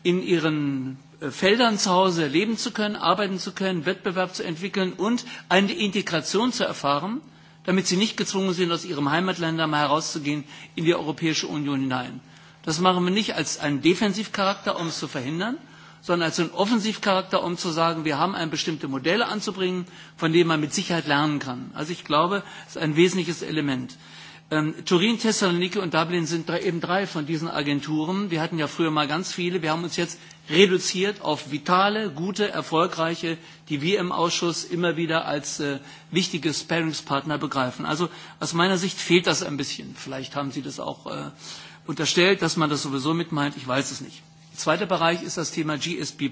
in ihren Feldern zu Hause leben zu können, arbeiten zu können, Wettbewerb zu entwickeln und eine Integration zu erfahren, damit sie nicht gezwungen sind, aus ihrem Heimatland herauszugehen in die Europäische Union hinein. Das machen wir nicht als einen Defensivcharakter, um es zu verhindern, sondern als einen Offensivcharakter, um zu sagen, wir haben ein bestimmte Modelle anzubringen, von denen man mit Sicherheit lernen kann. Also ich glaube, das ist ein wesentliches Element. Turin, Thessaloniki und Dublin sind eben drei von diesen Agenturen. Wir hatten ja früher mal ganz viele. Wir haben uns jetzt reduziert auf vitale, gute, erfolgreiche, die wir im Ausschuss immer wieder als wichtige Sparingspartner begreifen. Also aus meiner Sicht fehlt das ein bisschen. Vielleicht haben Sie das auch unterstellt, dass man das sowieso mit meint. Ich weiß es nicht. Der zweite Bereich ist das Thema GSB+.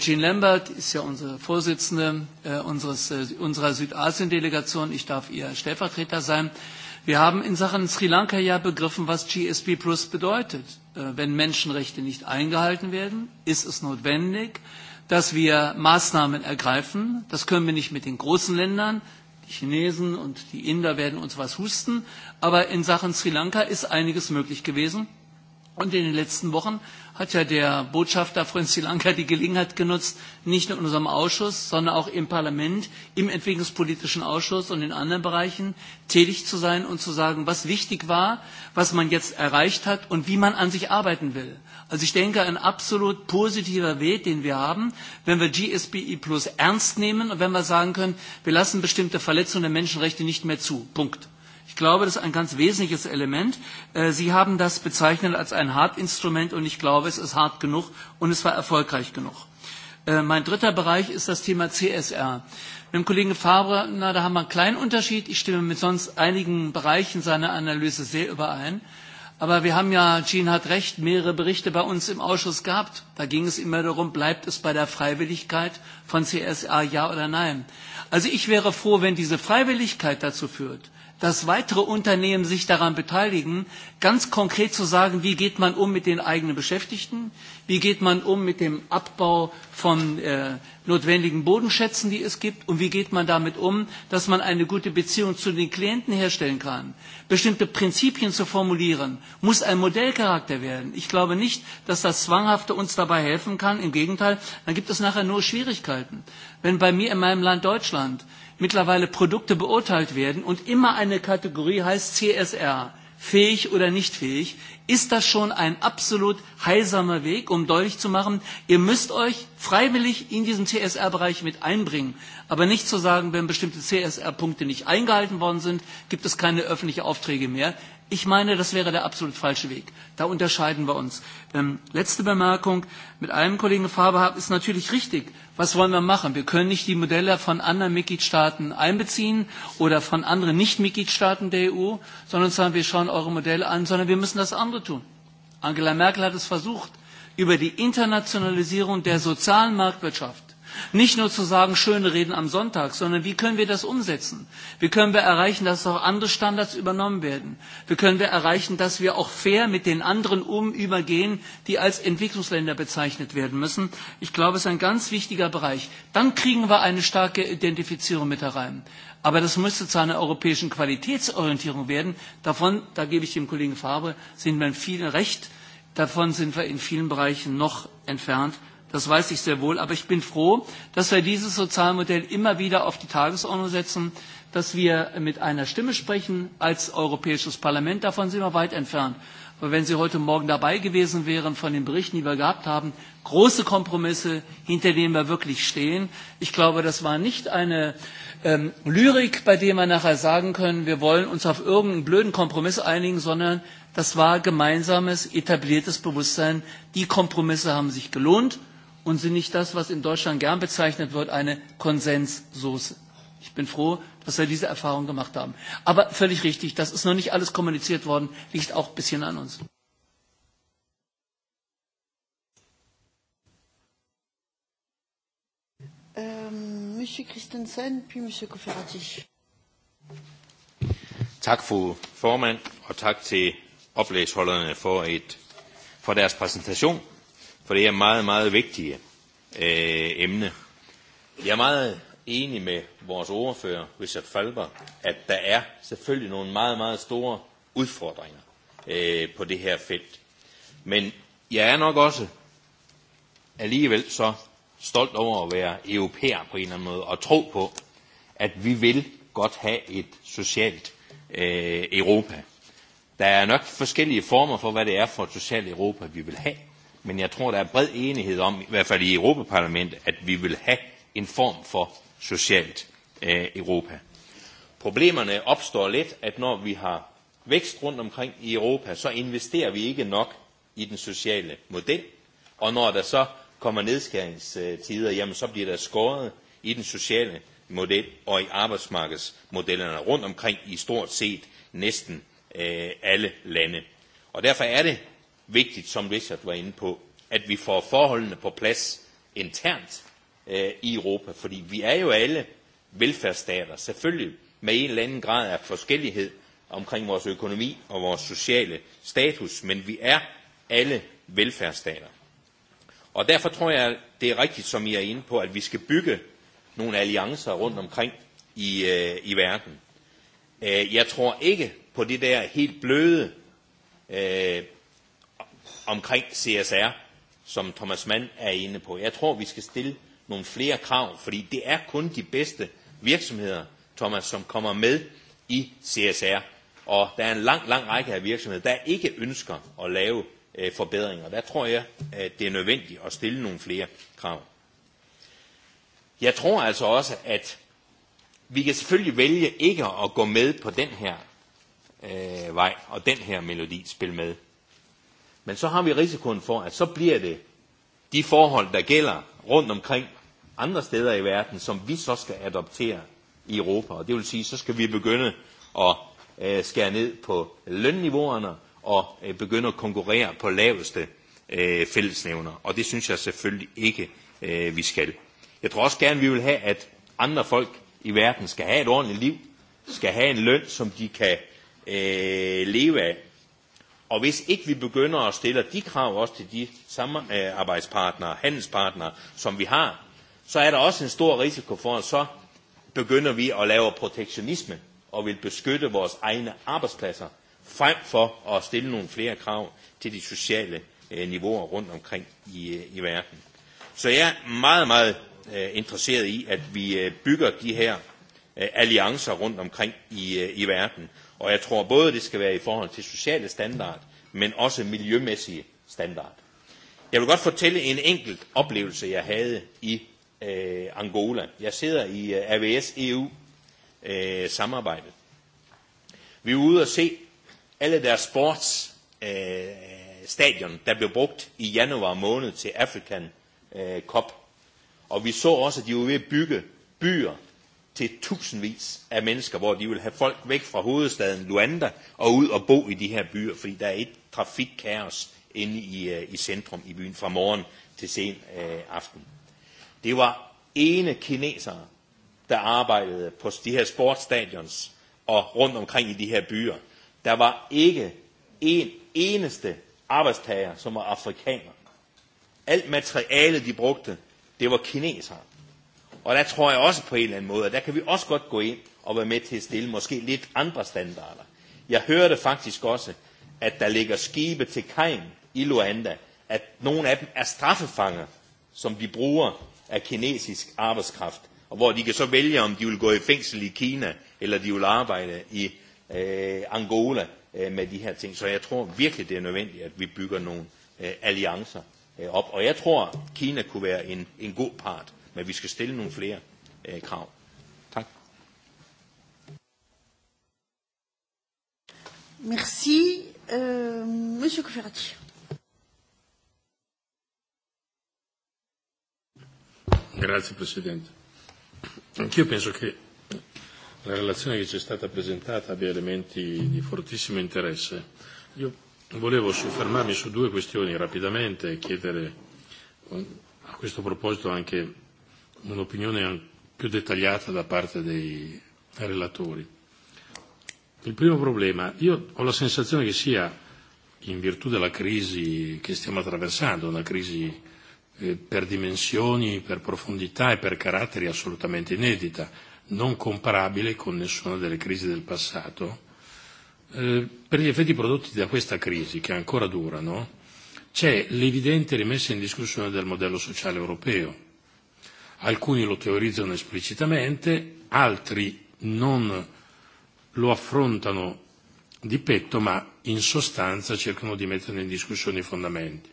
Jean Lambert ist ja unsere Vorsitzende unserer Südasien-Delegation. Ich darf ihr Stellvertreter sein. Wir haben in Sachen Sri Lanka ja begriffen, was GSP Plus bedeutet. Wenn Menschenrechte nicht eingehalten werden, ist es notwendig, dass wir Maßnahmen ergreifen. Das können wir nicht mit den großen Ländern. Die Chinesen und die Inder werden uns was husten. Aber in Sachen Sri Lanka ist einiges möglich gewesen. Und in den letzten Wochen hat ja der Botschafter von Sri Lanka die Gelegenheit genutzt, nicht nur in unserem Ausschuss, sondern auch im Parlament, im Entwicklungspolitischen Ausschuss und in anderen Bereichen tätig zu sein und zu sagen, was wichtig war, was man jetzt erreicht hat und wie man an sich arbeiten will. Also ich denke, ein absolut positiver Weg, den wir haben, wenn wir GSBI Plus ernst nehmen und wenn wir sagen können, wir lassen bestimmte Verletzungen der Menschenrechte nicht mehr zu. Punkt. Ich glaube, das ist ein ganz wesentliches Element. Sie haben das bezeichnet als ein Hartinstrument und ich glaube, es ist hart genug und es war erfolgreich genug. Mein dritter Bereich ist das Thema CSR. Mit dem Kollegen Fabre, na, da haben wir einen kleinen Unterschied. Ich stimme mit sonst einigen Bereichen seiner Analyse sehr überein. Aber wir haben ja, Jean hat recht, mehrere Berichte bei uns im Ausschuss gehabt. Da ging es immer darum, bleibt es bei der Freiwilligkeit von CSA ja oder nein. Also ich wäre froh, wenn diese Freiwilligkeit dazu führt, dass weitere Unternehmen sich daran beteiligen, ganz konkret zu sagen, wie geht man um mit den eigenen Beschäftigten, wie geht man um mit dem Abbau von äh, notwendigen Bodenschätzen, die es gibt, und wie geht man damit um, dass man eine gute Beziehung zu den Klienten herstellen kann. Bestimmte Prinzipien zu formulieren, muss ein Modellcharakter werden. Ich glaube nicht, dass das Zwanghafte uns dabei helfen kann. Im Gegenteil, dann gibt es nachher nur Schwierigkeiten. Wenn bei mir in meinem Land Deutschland mittlerweile Produkte beurteilt werden und immer eine Kategorie heißt CSR, fähig oder nicht fähig, ist das schon ein absolut heilsamer Weg, um deutlich zu machen, ihr müsst euch freiwillig in diesen CSR-Bereich mit einbringen. Aber nicht zu sagen, wenn bestimmte CSR-Punkte nicht eingehalten worden sind, gibt es keine öffentlichen Aufträge mehr. Ich meine, das wäre der absolut falsche Weg. Da unterscheiden wir uns. Ähm, letzte Bemerkung. Mit einem Kollegen Farbe habe ist natürlich richtig. Was wollen wir machen? Wir können nicht die Modelle von anderen Mitgliedstaaten einbeziehen oder von anderen Nicht-Mitgliedstaaten der EU, sondern sagen, wir schauen eure Modelle an, sondern wir müssen das andere tun. Angela Merkel hat es versucht. Über die Internationalisierung der sozialen Marktwirtschaft Nicht nur zu sagen, schöne Reden am Sonntag, sondern wie können wir das umsetzen? Wie können wir erreichen, dass auch andere Standards übernommen werden? Wie können wir erreichen, dass wir auch fair mit den anderen umübergehen, die als Entwicklungsländer bezeichnet werden müssen? Ich glaube, es ist ein ganz wichtiger Bereich. Dann kriegen wir eine starke Identifizierung mit herein. Aber das müsste zu einer europäischen Qualitätsorientierung werden. Davon, da gebe ich dem Kollegen Farbe, sind wir in vielen Recht. Davon sind wir in vielen Bereichen noch entfernt. Das weiß ich sehr wohl. Aber ich bin froh, dass wir dieses Sozialmodell immer wieder auf die Tagesordnung setzen, dass wir mit einer Stimme sprechen als Europäisches Parlament. Davon sind wir weit entfernt. Aber wenn Sie heute Morgen dabei gewesen wären von den Berichten, die wir gehabt haben, große Kompromisse, hinter denen wir wirklich stehen. Ich glaube, das war nicht eine ähm, Lyrik, bei der wir nachher sagen können, wir wollen uns auf irgendeinen blöden Kompromiss einigen, sondern das war gemeinsames, etabliertes Bewusstsein. Die Kompromisse haben sich gelohnt und sind nicht das, was in Deutschland gern bezeichnet wird, eine Konsenssoße. Ich bin froh, dass wir diese Erfahrung gemacht haben. Aber völlig richtig, das ist noch nicht alles kommuniziert worden, liegt auch ein bisschen an uns. Tak, fru formand, og tak til oplægsholderne for, et, for deres præsentation for det er meget, meget vigtige øh, emne. Jeg er meget enig med vores ordfører, Richard Falber, at der er selvfølgelig nogle meget, meget store udfordringer øh, på det her felt. Men jeg er nok også alligevel så stolt over at være europæer på en eller anden måde, og tro på, at vi vil godt have et socialt øh, Europa. Der er nok forskellige former for, hvad det er for et socialt Europa, vi vil have. Men jeg tror, der er bred enighed om, i hvert fald i Europaparlamentet, at vi vil have en form for socialt øh, Europa. Problemerne opstår lidt, at når vi har vækst rundt omkring i Europa, så investerer vi ikke nok i den sociale model, og når der så kommer nedskæringstider, jamen så bliver der skåret i den sociale model og i arbejdsmarkedsmodellerne rundt omkring i stort set næsten øh, alle lande. Og derfor er det vigtigt, som Richard var inde på, at vi får forholdene på plads internt øh, i Europa, fordi vi er jo alle velfærdsstater, selvfølgelig med en eller anden grad af forskellighed omkring vores økonomi og vores sociale status, men vi er alle velfærdsstater. Og derfor tror jeg, det er rigtigt, som I er inde på, at vi skal bygge nogle alliancer rundt omkring i, øh, i verden. Øh, jeg tror ikke på det der helt bløde øh, omkring CSR, som Thomas Mann er inde på. Jeg tror, vi skal stille nogle flere krav, fordi det er kun de bedste virksomheder, Thomas, som kommer med i CSR. Og der er en lang, lang række af virksomheder, der ikke ønsker at lave forbedringer. Der tror jeg, at det er nødvendigt at stille nogle flere krav. Jeg tror altså også, at vi kan selvfølgelig vælge ikke at gå med på den her øh, vej og den her melodi spil med. Men så har vi risikoen for, at så bliver det de forhold, der gælder rundt omkring andre steder i verden, som vi så skal adoptere i Europa. Og det vil sige, så skal vi begynde at øh, skære ned på lønniveauerne og øh, begynde at konkurrere på laveste øh, fællesnævner. Og det synes jeg selvfølgelig ikke, øh, vi skal. Jeg tror også gerne, vi vil have, at andre folk i verden skal have et ordentligt liv, skal have en løn, som de kan øh, leve af. Og hvis ikke vi begynder at stille de krav også til de samarbejdspartnere, handelspartnere, som vi har, så er der også en stor risiko for, at så begynder vi at lave protektionisme og vil beskytte vores egne arbejdspladser, frem for at stille nogle flere krav til de sociale niveauer rundt omkring i, i verden. Så jeg er meget, meget interesseret i, at vi bygger de her alliancer rundt omkring i, i verden, Og jeg tror både, det skal være i forhold til sociale standard, men også miljømæssige standard. Jeg vil godt fortælle en enkelt oplevelse, jeg havde i øh, Angola. Jeg sidder i øh, AVS-EU-samarbejdet. Vi er ude og se alle deres sportsstadion, der blev brugt i januar måned til African Cup. Og vi så også, at de var ved at bygge byer til tusindvis af mennesker, hvor de vil have folk væk fra hovedstaden Luanda og ud og bo i de her byer, fordi der er et trafikkaos inde i, i centrum i byen fra morgen til sen øh, aften. Det var ene kinesere, der arbejdede på de her sportsstadions og rundt omkring i de her byer. Der var ikke en eneste arbejdstager, som var afrikaner. Alt materiale, de brugte, det var kinesere. Og der tror jeg også på en eller anden måde, at der kan vi også godt gå ind og være med til at stille måske lidt andre standarder. Jeg hørte faktisk også, at der ligger skibe til kajen i Luanda, at nogle af dem er straffefanger, som de bruger af kinesisk arbejdskraft, og hvor de kan så vælge, om de vil gå i fængsel i Kina, eller de vil arbejde i øh, Angola øh, med de her ting. Så jeg tror virkelig, det er nødvendigt, at vi bygger nogle øh, alliancer øh, op. Og jeg tror, Kina kunne være en, en god part men vi skal stille nogle flere øh, krav. Tak. Merci, Monsieur Grazie Presidente. Anch'io penso che la relazione che ci è stata presentata abbia elementi di fortissimo interesse. Io volevo soffermarmi su due questioni rapidamente e chiedere a questo proposito anche un'opinione più dettagliata da parte dei relatori. Il primo problema, io ho la sensazione che sia, in virtù della crisi che stiamo attraversando, una crisi per dimensioni, per profondità e per caratteri assolutamente inedita, non comparabile con nessuna delle crisi del passato, per gli effetti prodotti da questa crisi, che ancora durano, c'è l'evidente rimessa in discussione del modello sociale europeo, alcuni lo teorizzano esplicitamente, altri non lo affrontano di petto, ma in sostanza cercano di metterne in discussione i fondamenti.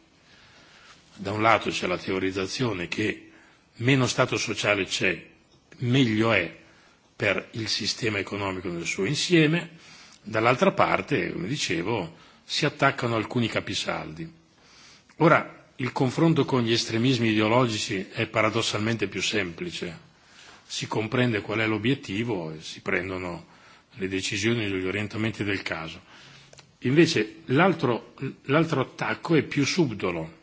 Da un lato c'è la teorizzazione che meno Stato sociale c'è, meglio è per il sistema economico nel suo insieme, dall'altra parte, come dicevo, si attaccano alcuni capisaldi. Ora, il confronto con gli estremismi ideologici è paradossalmente più semplice. Si comprende qual è l'obiettivo e si prendono le decisioni e gli orientamenti del caso. Invece l'altro, l'altro attacco è più subdolo.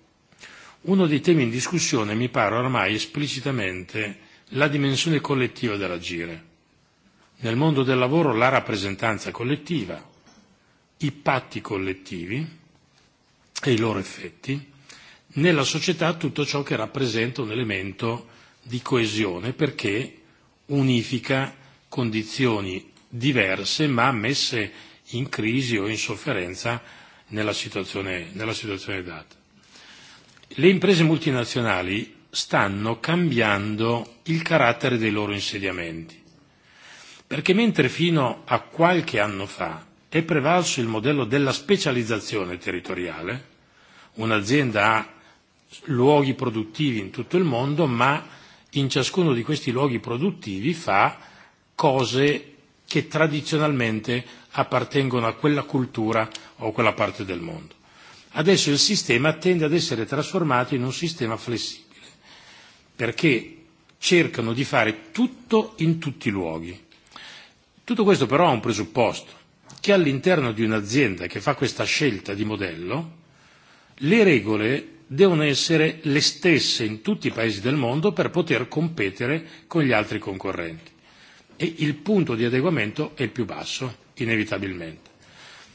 Uno dei temi in discussione mi pare ormai esplicitamente la dimensione collettiva dell'agire. Nel mondo del lavoro la rappresentanza collettiva, i patti collettivi e i loro effetti, nella società tutto ciò che rappresenta un elemento di coesione perché unifica condizioni diverse ma messe in crisi o in sofferenza nella situazione, nella situazione data. Le imprese multinazionali stanno cambiando il carattere dei loro insediamenti, perché mentre fino a qualche anno fa è prevalso il modello della specializzazione territoriale, un'azienda ha luoghi produttivi in tutto il mondo, ma in ciascuno di questi luoghi produttivi fa cose che tradizionalmente appartengono a quella cultura o a quella parte del mondo. Adesso il sistema tende ad essere trasformato in un sistema flessibile, perché cercano di fare tutto in tutti i luoghi. Tutto questo però ha un presupposto, che all'interno di un'azienda che fa questa scelta di modello, le regole devono essere le stesse in tutti i paesi del mondo per poter competere con gli altri concorrenti e il punto di adeguamento è il più basso, inevitabilmente.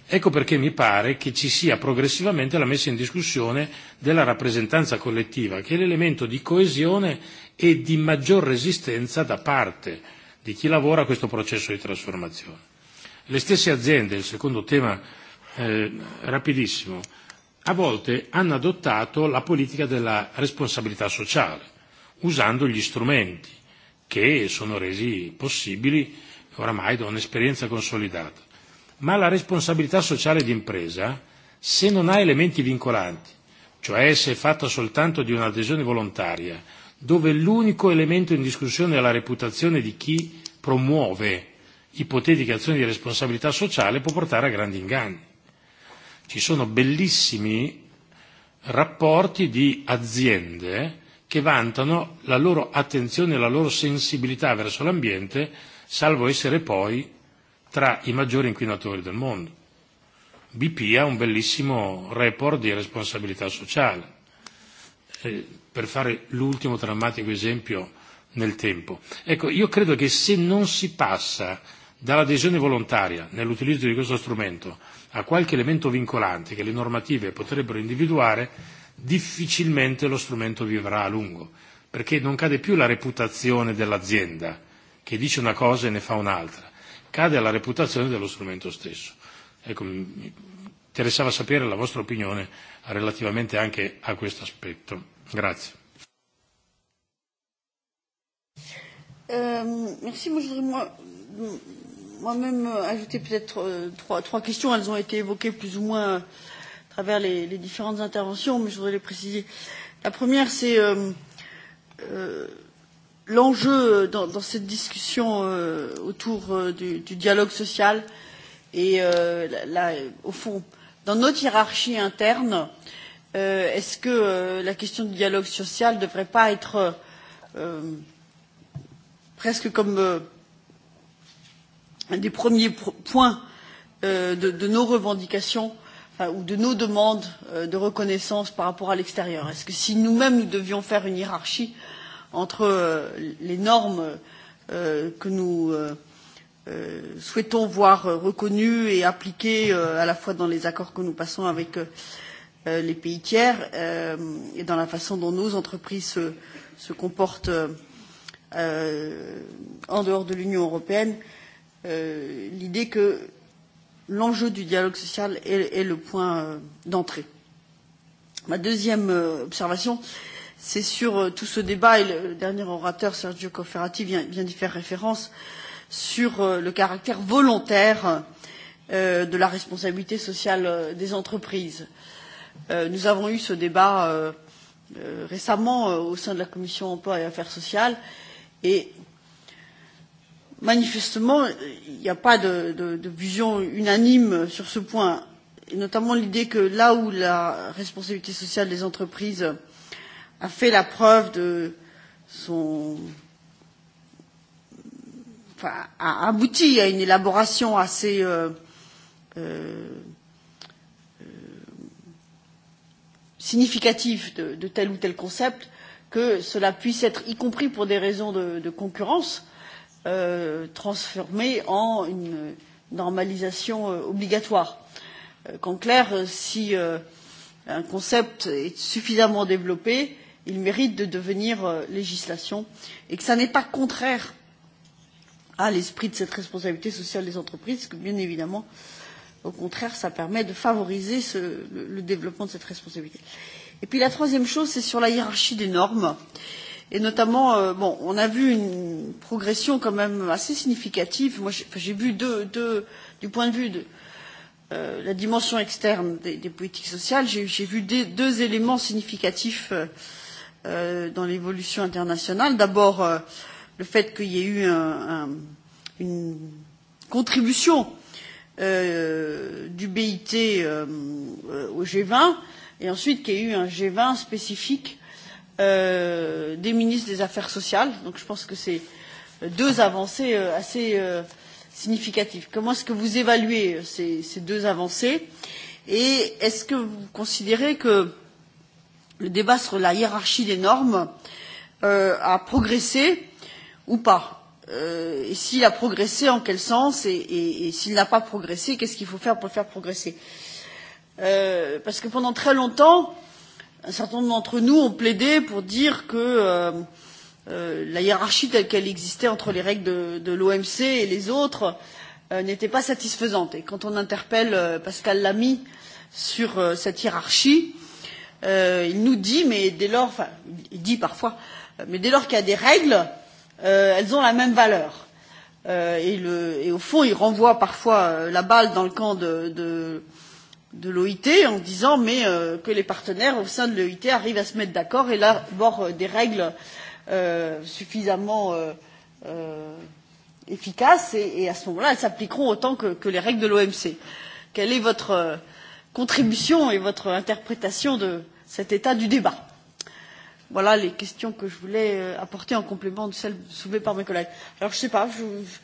Ecco perché mi pare che ci sia progressivamente la messa in discussione della rappresentanza collettiva, che è l'elemento di coesione e di maggior resistenza da parte di chi lavora a questo processo di trasformazione. Le stesse aziende, il secondo tema eh, rapidissimo, a volte hanno adottato la politica della responsabilità sociale, usando gli strumenti che sono resi possibili oramai da un'esperienza consolidata. Ma la responsabilità sociale di impresa, se non ha elementi vincolanti, cioè se è fatta soltanto di un'adesione volontaria, dove l'unico elemento in discussione è la reputazione di chi promuove ipotetiche azioni di responsabilità sociale, può portare a grandi inganni. Ci sono bellissimi rapporti di aziende che vantano la loro attenzione e la loro sensibilità verso l'ambiente, salvo essere poi tra i maggiori inquinatori del mondo. BP ha un bellissimo report di responsabilità sociale, eh, per fare l'ultimo drammatico esempio nel tempo. Ecco, io credo che se non si passa dall'adesione volontaria nell'utilizzo di questo strumento a qualche elemento vincolante che le normative potrebbero individuare, difficilmente lo strumento vivrà a lungo, perché non cade più la reputazione dell'azienda che dice una cosa e ne fa un'altra, cade la reputazione dello strumento stesso. Ecco, mi interessava sapere la vostra opinione relativamente anche a questo aspetto. Grazie. Euh, merci, moi je voudrais moi, moi-même ajouter peut-être euh, trois, trois questions. Elles ont été évoquées plus ou moins à travers les, les différentes interventions, mais je voudrais les préciser. La première, c'est euh, euh, l'enjeu dans, dans cette discussion euh, autour euh, du, du dialogue social et euh, là, au fond, dans notre hiérarchie interne, euh, est-ce que euh, la question du dialogue social ne devrait pas être euh, presque comme euh, un des premiers points de nos revendications ou de nos demandes de reconnaissance par rapport à l'extérieur. Est-ce que si nous-mêmes nous devions faire une hiérarchie entre les normes que nous souhaitons voir reconnues et appliquées à la fois dans les accords que nous passons avec les pays tiers et dans la façon dont nos entreprises se comportent en dehors de l'Union européenne, l'idée que l'enjeu du dialogue social est, est le point d'entrée. Ma deuxième observation, c'est sur tout ce débat, et le dernier orateur, Sergio Cofferati, vient, vient d'y faire référence, sur le caractère volontaire de la responsabilité sociale des entreprises. Nous avons eu ce débat récemment au sein de la Commission emploi et affaires sociales, et manifestement, il n'y a pas de, de, de vision unanime sur ce point, et notamment l'idée que là où la responsabilité sociale des entreprises a fait la preuve de son enfin, a abouti à une élaboration assez euh, euh, significative de, de tel ou tel concept, que cela puisse être, y compris pour des raisons de, de concurrence, euh, transformée en une normalisation euh, obligatoire. Euh, Qu'en clair, si euh, un concept est suffisamment développé, il mérite de devenir euh, législation et que ça n'est pas contraire à l'esprit de cette responsabilité sociale des entreprises, que bien évidemment, au contraire, ça permet de favoriser ce, le, le développement de cette responsabilité. Et puis la troisième chose, c'est sur la hiérarchie des normes. Euh, Et notamment, bon, on a vu une progression quand même assez significative. Moi, j'ai vu deux, deux, du point de vue de euh, la dimension externe des, des politiques sociales, j'ai vu des, deux éléments significatifs euh, dans l'évolution internationale. D'abord, euh, le fait qu'il y ait eu un, un, une contribution euh, du BIT euh, au G20, et ensuite qu'il y ait eu un G20 spécifique euh, des ministres des Affaires sociales. Donc je pense que c'est deux avancées euh, assez euh, significatives. Comment est-ce que vous évaluez ces, ces deux avancées Et est-ce que vous considérez que le débat sur la hiérarchie des normes euh, a progressé ou pas euh, et s'il a progressé, en quel sens, et, et, et s'il n'a pas progressé, qu'est-ce qu'il faut faire pour le faire progresser euh, Parce que pendant très longtemps, euh, un certain nombre d'entre nous ont plaidé pour dire que euh, euh, la hiérarchie telle qu'elle existait entre les règles de, de l'OMC et les autres euh, n'était pas satisfaisante. Et quand on interpelle euh, Pascal Lamy sur euh, cette hiérarchie, euh, il nous dit, mais dès lors, enfin, il dit parfois, mais dès lors qu'il y a des règles, euh, elles ont la même valeur. Euh, et, le, et au fond, il renvoie parfois euh, la balle dans le camp de, de, de l'OIT en disant mais euh, que les partenaires au sein de l'OIT arrivent à se mettre d'accord et élaborent des règles euh, suffisamment euh, euh, efficaces et, et à ce moment-là elles s'appliqueront autant que, que les règles de l'OMC. Quelle est votre contribution et votre interprétation de cet état du débat Voilà les questions que je voulais apporter en complément de celles soulevées par mes collègues. Alors je ne sais pas, je, je,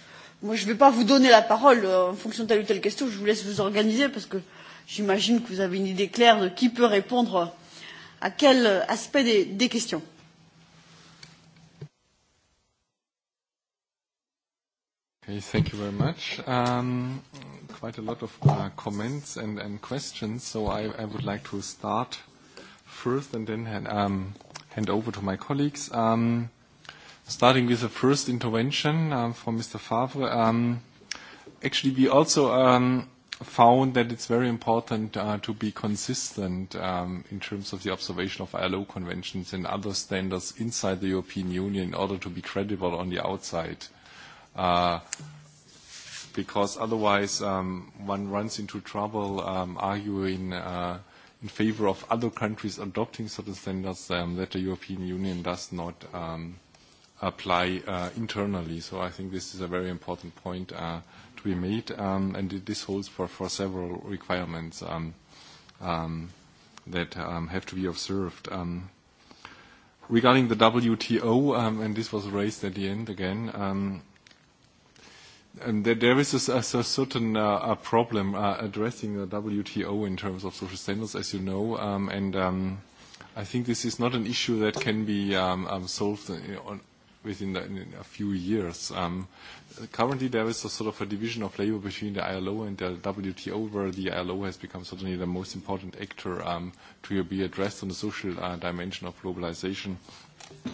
moi je ne vais pas vous donner la parole en fonction de telle ou telle question, je vous laisse vous organiser parce que euh, J'imagine que vous avez une idée claire de qui peut répondre à quel aspect des, des questions. Okay, thank you very much. Um, quite a lot of uh, comments and, and questions, so I, I would like to start first and then hand, um, hand over to my colleagues. Um, starting with the first intervention um, from Mr. Favre. Um, actually, we also um, found that it's very important uh, to be consistent um, in terms of the observation of ILO conventions and other standards inside the European Union in order to be credible on the outside. Uh, because otherwise um, one runs into trouble um, arguing uh, in favor of other countries adopting certain standards um, that the European Union does not um, – apply uh, internally. So I think this is a very important point uh, to be made, um, and this holds for, for several requirements um, um, that um, have to be observed. Um, regarding the WTO, um, and this was raised at the end again, um, and there there is a, a, a certain uh, a problem uh, addressing the WTO in terms of social standards, as you know, um, and um, I think this is not an issue that can be um, um, solved on, within the, in a few years. Um, currently, there is a sort of a division of labor between the ILO and the WTO, where the ILO has become certainly the most important actor um, to be addressed on the social uh, dimension of globalization,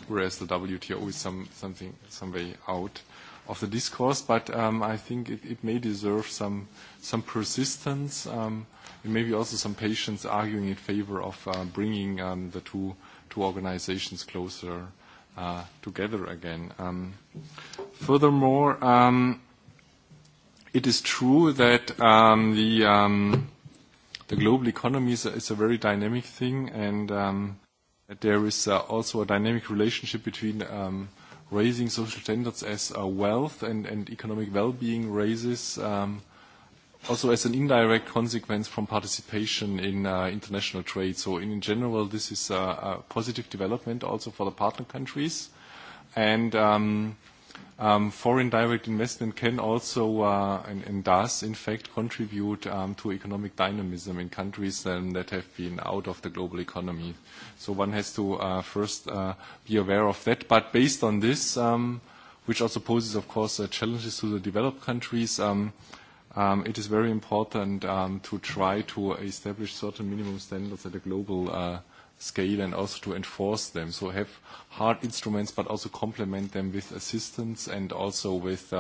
whereas the WTO is some, something, some way out of the discourse. But um, I think it, it may deserve some, some persistence um, and maybe also some patience arguing in favor of uh, bringing um, the two, two organizations closer uh, together again. Um, furthermore, um, it is true that um, the um, the global economy is a, is a very dynamic thing, and um, that there is uh, also a dynamic relationship between um, raising social standards as uh, wealth and, and economic well-being raises. Um, also as an indirect consequence from participation in uh, international trade. So in, in general, this is a, a positive development also for the partner countries. And um, um, foreign direct investment can also uh, and, and does, in fact, contribute um, to economic dynamism in countries um, that have been out of the global economy. So one has to uh, first uh, be aware of that. But based on this, um, which also poses, of course, uh, challenges to the developed countries, um, um, it is very important to try to establish certain minimum standards at a global scale and also to enforce them. So have hard instruments, but also complement them with assistance and also with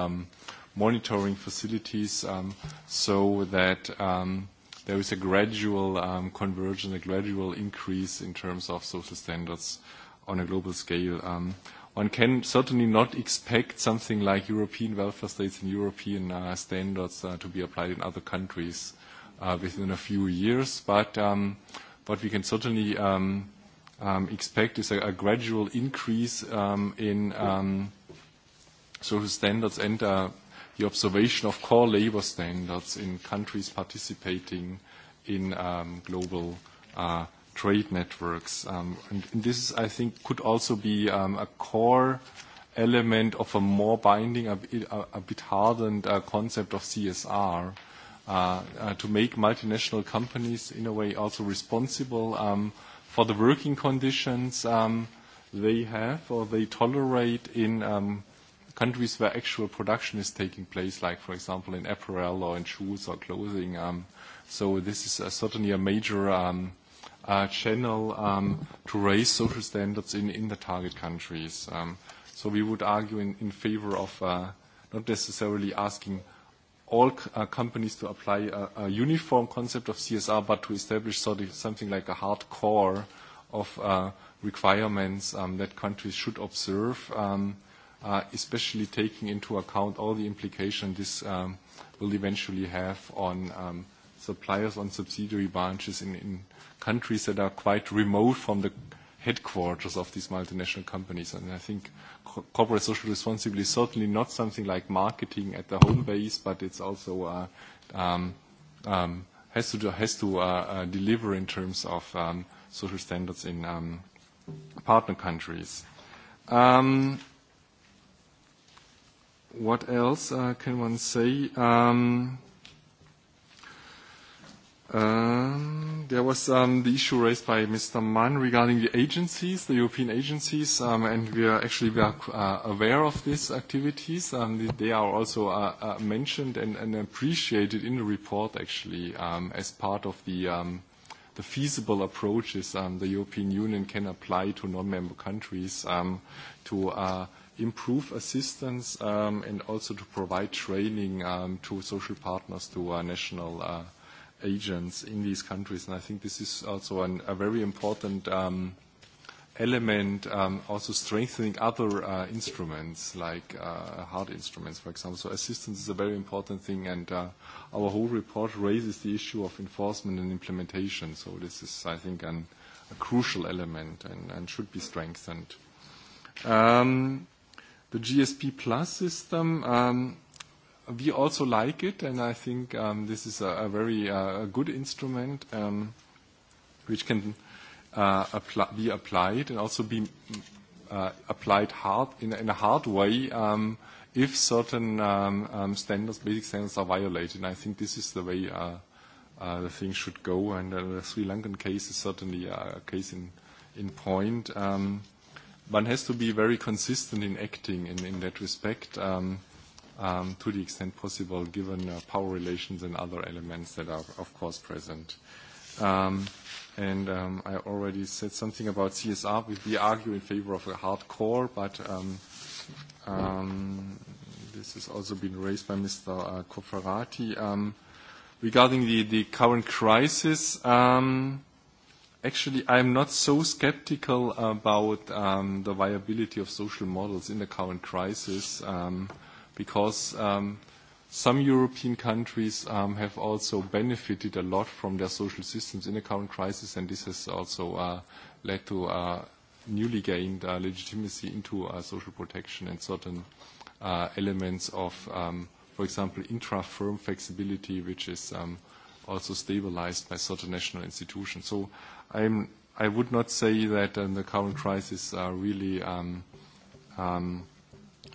monitoring facilities so that there is a gradual conversion, a gradual increase in terms of social standards on a global scale one can certainly not expect something like European welfare states and European uh, standards uh, to be applied in other countries uh, within a few years. But um, what we can certainly um, um, expect is a, a gradual increase um, in um, social standards and uh, the observation of core labor standards in countries participating in um, global uh, trade networks. Um, and, and this, I think, could also be um, a core element of a more binding, a, a, a bit hardened uh, concept of CSR uh, uh, to make multinational companies, in a way, also responsible um, for the working conditions um, they have or they tolerate in um, countries where actual production is taking place, like, for example, in apparel or in shoes or clothing. Um, so this is uh, certainly a major um, – uh, channel um, to raise social standards in, in the target countries. Um, so we would argue in, in favor of uh, not necessarily asking all uh, companies to apply a, a uniform concept of CSR, but to establish sort of something like a hard core of uh, requirements um, that countries should observe, um, uh, especially taking into account all the implication this um, will eventually have on um, suppliers on subsidiary branches in, in countries that are quite remote from the headquarters of these multinational companies. And I think co- corporate social responsibility is certainly not something like marketing at the home base, but it's also uh, um, um, has to, do, has to uh, uh, deliver in terms of um, social standards in um, partner countries. Um, what else uh, can one say? Um, Um, there was um, the issue raised by Mr. Mann regarding the agencies, the European agencies, um, and we are actually we are uh, aware of these activities. Um, they are also uh, uh, mentioned and, and appreciated in the report, actually, um, as part of the um, the feasible approaches um, the European Union can apply to non-member countries um, to. Uh, improve assistance um, and also to provide training um, to social partners, to uh, national uh, agents in these countries. And I think this is also an, a very important um, element, um, also strengthening other uh, instruments like uh, hard instruments, for example. So assistance is a very important thing, and uh, our whole report raises the issue of enforcement and implementation. So this is, I think, an, a crucial element and, and should be strengthened. Um, the GSP Plus system. Um, we also like it, and I think um, this is a, a very uh, good instrument um, which can uh, appl- be applied and also be uh, applied hard in, in a hard way um, if certain um, um, standards, basic standards, are violated. And I think this is the way uh, uh, the thing should go. And uh, the Sri Lankan case is certainly a case in, in point. Um, one has to be very consistent in acting in, in that respect. Um, um, to the extent possible given uh, power relations and other elements that are of course present. Um, and um, I already said something about CSR. We, we argue in favor of a hardcore, but um, um, this has also been raised by Mr. Cofferati. Um, regarding the, the current crisis, um, actually I'm not so skeptical about um, the viability of social models in the current crisis. Um, uh, because um, some European countries um, have also benefited a lot from their social systems in the current crisis, and this has also uh, led to uh, newly gained uh, legitimacy into uh, social protection and certain uh, elements of, um, for example, intra-firm flexibility, which is um, also stabilized by certain national institutions. So I'm, I would not say that um, the current crisis uh, really um, um, –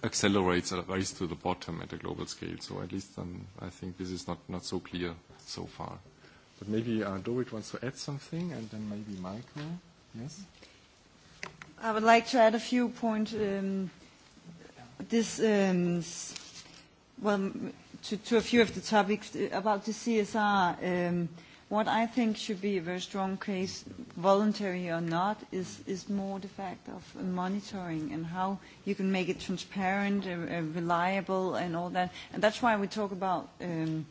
accelerates a race to the bottom at a global scale. So at least then I think this is not, not so clear so far. But maybe uh, Dorit wants to add something, and then maybe Michael. Yes? I would like to add a few points. Um, this, um, well, to, to a few of the topics about the CSR. Um, What I think should be a very strong case, voluntary or not, is, is more the fact of monitoring and how you can make it transparent, uh, uh, reliable, and all that. And that's why we talk about um,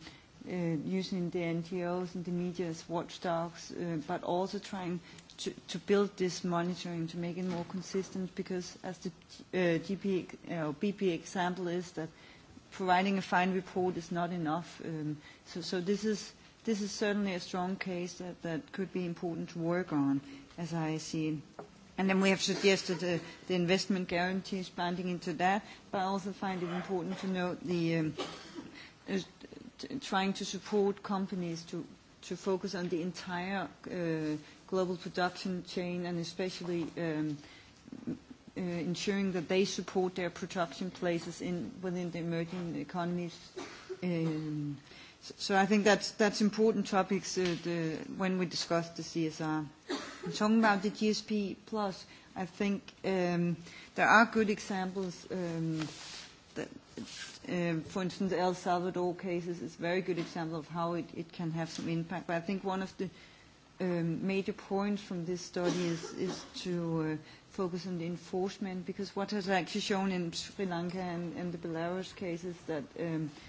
uh, using the NGOs and the media as watchdogs, uh, but also trying to, to build this monitoring to make it more consistent. Because as the uh, GP, uh, BP example is that providing a fine report is not enough. Um, so, so this is this is certainly a strong case that, that could be important to work on, as I see And then we have suggested uh, the investment guarantee expanding into that, but I also find it important to note the um, uh, trying to support companies to, to focus on the entire uh, global production chain and especially um, uh, ensuring that they support their production places in, within the emerging economies. Um, So I think that's, that's important topics uh, the, when we discuss the CSR. talking about the GSP plus, I think um, there are good examples. Um, that, um, for instance, the El Salvador cases is a very good example of how it, it can have some impact. But I think one of the um, major points from this study is, is to uh, focus on the enforcement because what has actually shown in Sri Lanka and, and the Belarus cases that um, –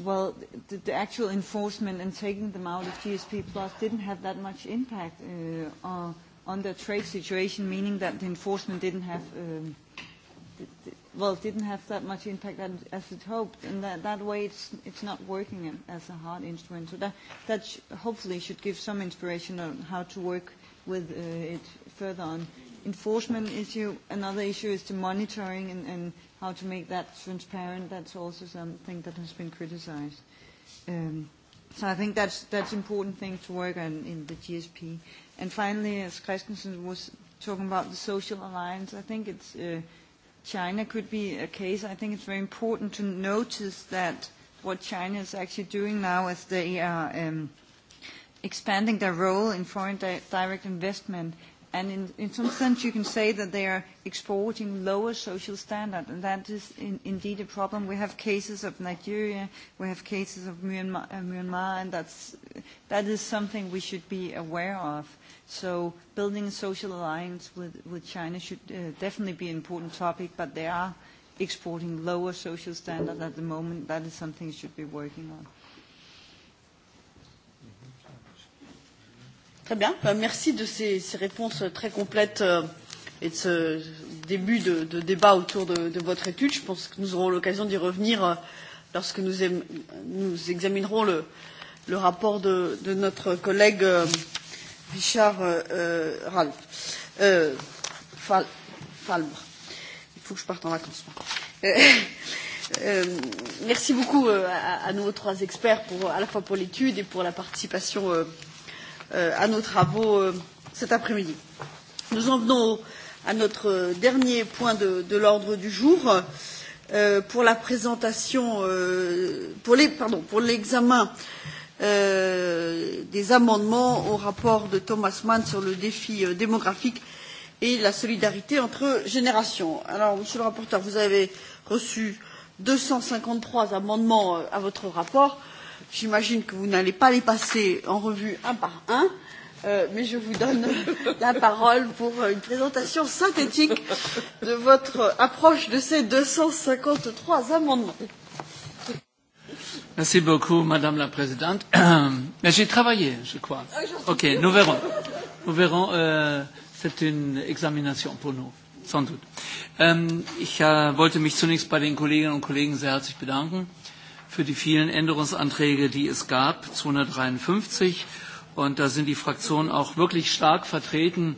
well, the, the actual enforcement and taking them out of GSP Plus didn't have that much impact uh, on, on the trade situation, meaning that the enforcement didn't have, um, well, didn't have that much impact as it hoped, and that, that way it's, it's not working as a hard instrument. So that, that sh- hopefully should give some inspiration on how to work with uh, it further on. Enforcement issue, another issue is the monitoring and, and how to make that transparent, that's also something that has been criticized. Um, so I think that's that's important thing to work on in the GSP. And finally, as Christensen was talking about the social alliance, I think it's uh, China could be a case. I think it's very important to notice that what China is actually doing now is they are um, expanding their role in foreign di direct investment And in, in some sense, you can say that they are exporting lower social standard, and that is in, indeed a problem. We have cases of Nigeria, we have cases of Myanmar, uh, Myanmar and that's, that is something we should be aware of. So building a social alliance with, with China should uh, definitely be an important topic, but they are exporting lower social standard at the moment. That is something we should be working on. Très bien. Merci de ces, ces réponses très complètes et de ce début de, de débat autour de, de votre étude. Je pense que nous aurons l'occasion d'y revenir lorsque nous, nous examinerons le, le rapport de, de notre collègue Richard euh, Ralph. Euh, Fal, Falbre. Il faut que je parte en vacances. Euh, euh, merci beaucoup à, à nos trois experts pour, à la fois pour l'étude et pour la participation euh, à nos travaux cet après-midi. Nous en venons à notre dernier point de, l'ordre du jour pour la présentation, pour les, pardon, pour l'examen des amendements au rapport de Thomas Mann sur le défi démographique et la solidarité entre générations. Alors, Monsieur le rapporteur, vous avez reçu deux cent cinquante trois amendements à votre rapport. J'imagine que vous n'allez pas les passer en revue un par un, euh, mais je vous donne la parole pour une présentation synthétique de votre approche de ces 253 amendements. Merci beaucoup, Madame la Présidente. Mais j'ai travaillé, je crois. Ok, nous verrons. Nous verrons. Euh, c'est une examination pour nous, sans doute. Ähm, ich äh, wollte mich zunächst bei den Kolleginnen und Kollegen sehr herzlich bedanken für die vielen Änderungsanträge, die es gab, 253. Und da sind die Fraktionen auch wirklich stark vertreten.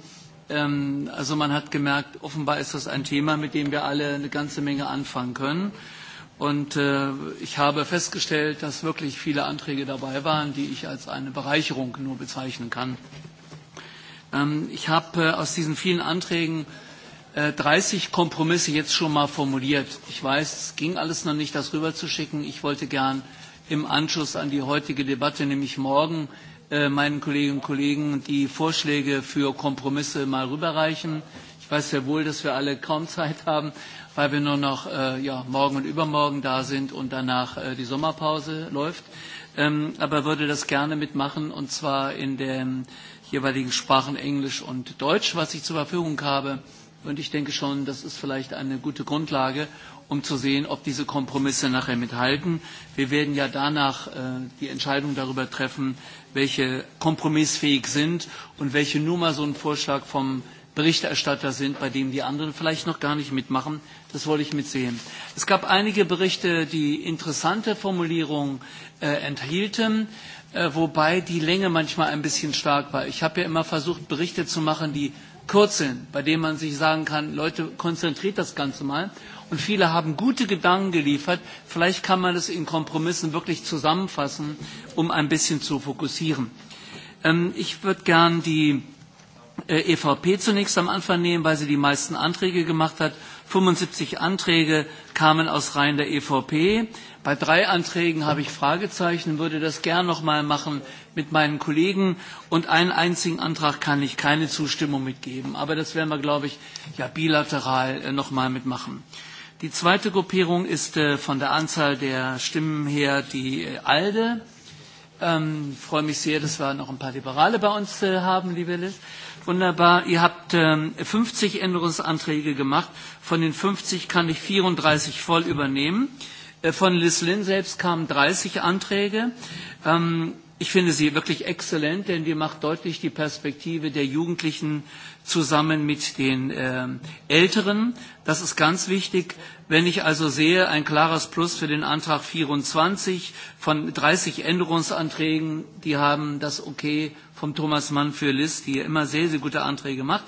Also man hat gemerkt, offenbar ist das ein Thema, mit dem wir alle eine ganze Menge anfangen können. Und ich habe festgestellt, dass wirklich viele Anträge dabei waren, die ich als eine Bereicherung nur bezeichnen kann. ich habe aus diesen vielen Anträgen 30 Kompromisse jetzt schon mal formuliert. Ich weiß, es ging alles noch nicht, das rüberzuschicken. Ich wollte gern im Anschluss an die heutige Debatte, nämlich morgen, meinen Kolleginnen und Kollegen die Vorschläge für Kompromisse mal rüberreichen. Ich weiß sehr wohl, dass wir alle kaum Zeit haben, weil wir nur noch ja, morgen und übermorgen da sind und danach die Sommerpause läuft. aber würde das gerne mitmachen und zwar in den jeweiligen Sprachen Englisch und Deutsch, was ich zur Verfügung habe Und ich denke schon, das ist vielleicht eine gute Grundlage, um zu sehen, ob diese Kompromisse nachher mithalten. Wir werden ja danach die Entscheidung darüber treffen, welche kompromissfähig sind und welche nur mal so ein Vorschlag vom Berichterstatter sind, bei dem die anderen vielleicht noch gar nicht mitmachen. Das wollte ich mitsehen. Es gab einige Berichte, die interessante Formulierungen enthielten, wobei die Länge manchmal ein bisschen stark war. Ich habe ja immer versucht, Berichte zu machen, die kürzeln, bei dem man sich sagen kann, Leute, konzentriert das Ganze mal. Und viele haben gute Gedanken geliefert. Vielleicht kann man es in Kompromissen wirklich zusammenfassen, um ein bisschen zu fokussieren. ich würde gern die EVP zunächst am Anfang nehmen, weil sie die meisten Anträge gemacht hat 75 Anträge kamen aus Reihen der EVP. Bei drei Anträgen habe ich Fragezeichen, würde das gern noch mal machen mit meinen Kollegen. Und einen einzigen Antrag kann ich keine Zustimmung mitgeben. Aber das werden wir, glaube ich, ja, bilateral mal mitmachen. Die zweite Gruppierung ist von der Anzahl der Stimmen her die ALDE. Ich freue mich sehr, dass wir noch ein paar Liberale bei uns haben, liebe Liz. Wunderbar. Ihr habt 50 Änderungsanträge gemacht Von den 50 kann ich 34 voll übernehmen. Von Liz Lynn selbst kamen 30 Anträge. Ich finde sie wirklich exzellent, denn die macht deutlich die Perspektive der Jugendlichen zusammen mit den Älteren. Das ist ganz wichtig. Wenn ich also sehe, ein klares Plus für den Antrag 24 von 30 Änderungsanträgen, die haben das Okay von Thomas Mann für die hier immer sehr, sehr gute Anträge macht.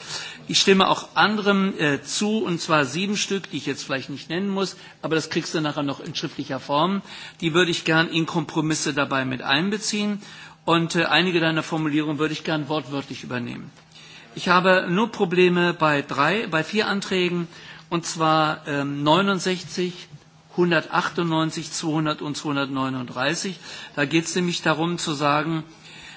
Ich stimme auch anderem äh, zu, und zwar sieben Stück, die ich jetzt vielleicht nicht nennen muss, aber das kriegst du nachher noch in schriftlicher Form. Die würde ich gern in Kompromisse dabei mit einbeziehen und äh, einige deiner Formulierungen würde ich gern wortwörtlich übernehmen. Ich habe nur Probleme bei, drei, bei vier Anträgen, und zwar ähm, 69, 198, 200 und 239. Da geht es nämlich darum zu sagen,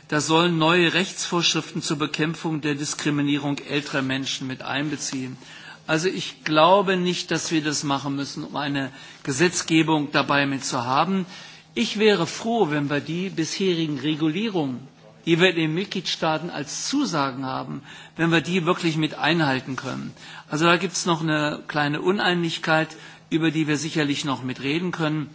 Da sollen neue Rechtsvorschriften zur Bekämpfung der Diskriminierung älterer Menschen mit einbeziehen. Also ich glaube nicht, dass wir das machen müssen, um eine Gesetzgebung dabei mitzuhaben. zu haben. Ich wäre froh, wenn wir die bisherigen Regulierungen, die wir in den Mitgliedstaaten als Zusagen haben, wenn wir die wirklich mit einhalten können. Also da gibt es noch eine kleine Uneinigkeit, über die wir sicherlich noch mitreden können.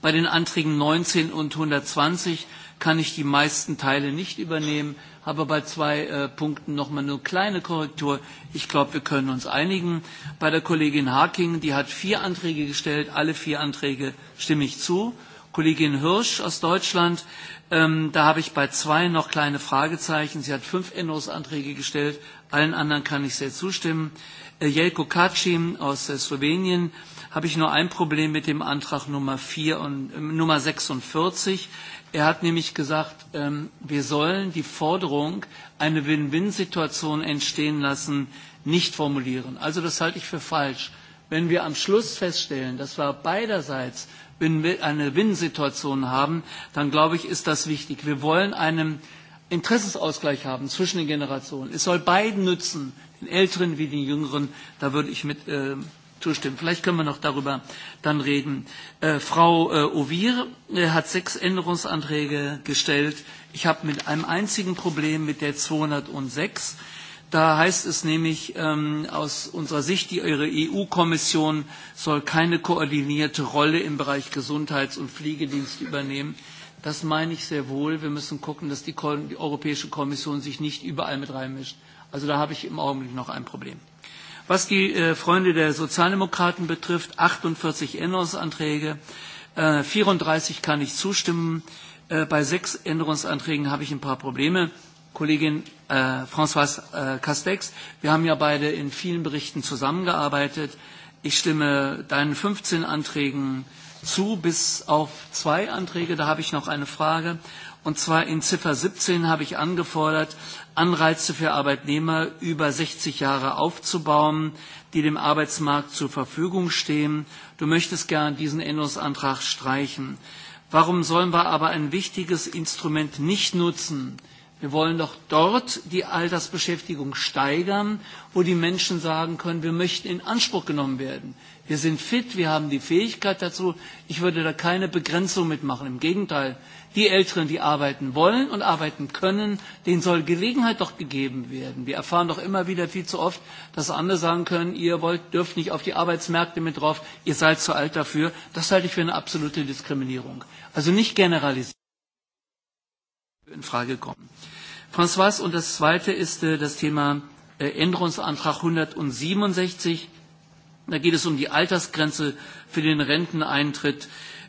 Bei den Anträgen 19 und 120 kann ich die meisten Teile nicht übernehmen, habe bei zwei äh, Punkten mal eine kleine Korrektur. Ich glaube, wir können uns einigen. Bei der Kollegin Harking, die hat vier Anträge gestellt, alle vier Anträge stimme ich zu. Kollegin Hirsch aus Deutschland, ähm, da habe ich bei zwei noch kleine Fragezeichen. Sie hat fünf Änderungsanträge gestellt, allen anderen kann ich sehr zustimmen. Äh, Jelko Kacim aus äh, Slowenien, habe ich nur ein Problem mit dem Antrag Nummer, vier und, äh, Nummer 46. Er hat nämlich gesagt, wir sollen die Forderung, eine Win-Win-Situation entstehen lassen, nicht formulieren. Also das halte ich für falsch. Wenn wir am Schluss feststellen, dass wir beiderseits eine Win-Situation haben, dann glaube ich, ist das wichtig. Wir wollen einen Interessensausgleich haben zwischen den Generationen. Es soll beiden nützen, den Älteren wie den Jüngeren. Da würde ich mit zustimmen. Vielleicht können wir noch darüber dann reden. Äh, Frau äh, Ovir äh, hat sechs Änderungsanträge gestellt. Ich habe mit einem einzigen Problem mit der 206. Da heißt es nämlich ähm, aus unserer Sicht, die Ihre EU-Kommission soll keine koordinierte Rolle im Bereich Gesundheits- und Pflegedienst übernehmen. Das meine ich sehr wohl. Wir müssen gucken, dass die, Ko die Europäische Kommission sich nicht überall mit reinmischt. Also da habe ich im Augenblick noch ein Problem. Was die Freunde der Sozialdemokraten betrifft, 48 Änderungsanträge, 34 kann ich zustimmen. Bei sechs Änderungsanträgen habe ich ein paar Probleme. Kollegin äh, Françoise äh, Castex, wir haben ja beide in vielen Berichten zusammengearbeitet. Ich stimme deinen 15 Anträgen zu, bis auf zwei Anträge. Da habe ich noch eine Frage. Und zwar in Ziffer 17 habe ich angefordert, Anreize für Arbeitnehmer über 60 Jahre aufzubauen, die dem Arbeitsmarkt zur Verfügung stehen. Du möchtest gern diesen Änderungsantrag streichen. Warum sollen wir aber ein wichtiges Instrument nicht nutzen? Wir wollen doch dort die Altersbeschäftigung steigern, wo die Menschen sagen können, wir möchten in Anspruch genommen werden. Wir sind fit, wir haben die Fähigkeit dazu. Ich würde da keine Begrenzung mitmachen. Im Gegenteil, Die Älteren, die arbeiten wollen und arbeiten können, denen soll Gelegenheit doch gegeben werden. Wir erfahren doch immer wieder viel zu oft, dass andere sagen können, ihr wollt, dürft nicht auf die Arbeitsmärkte mit drauf, ihr seid zu alt dafür. Das halte ich für eine absolute Diskriminierung. Also nicht generalisieren in Frage kommen. François, und das zweite ist das Thema Änderungsantrag 167. Da geht es um die Altersgrenze für den Renteneintritt.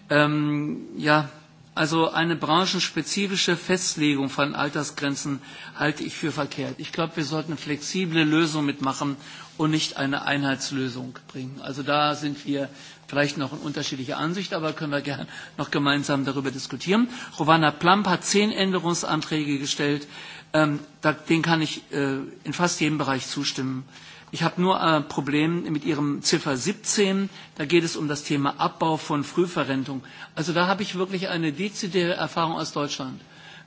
Ähm, ja, Also eine branchenspezifische Festlegung von Altersgrenzen halte ich für verkehrt. Ich glaube, wir sollten eine flexible Lösung mitmachen und nicht eine Einheitslösung bringen. Also da sind wir vielleicht noch in unterschiedlicher Ansicht, aber können wir gerne noch gemeinsam darüber diskutieren. Rowana Plump hat zehn Änderungsanträge gestellt. Ähm, da, denen kann ich äh, in fast jedem Bereich zustimmen. Ich habe nur ein Problem mit Ihrem Ziffer 17. Da geht es um das Thema Abbau von Frühverrentung. Also da habe ich wirklich eine dezidierte Erfahrung aus Deutschland.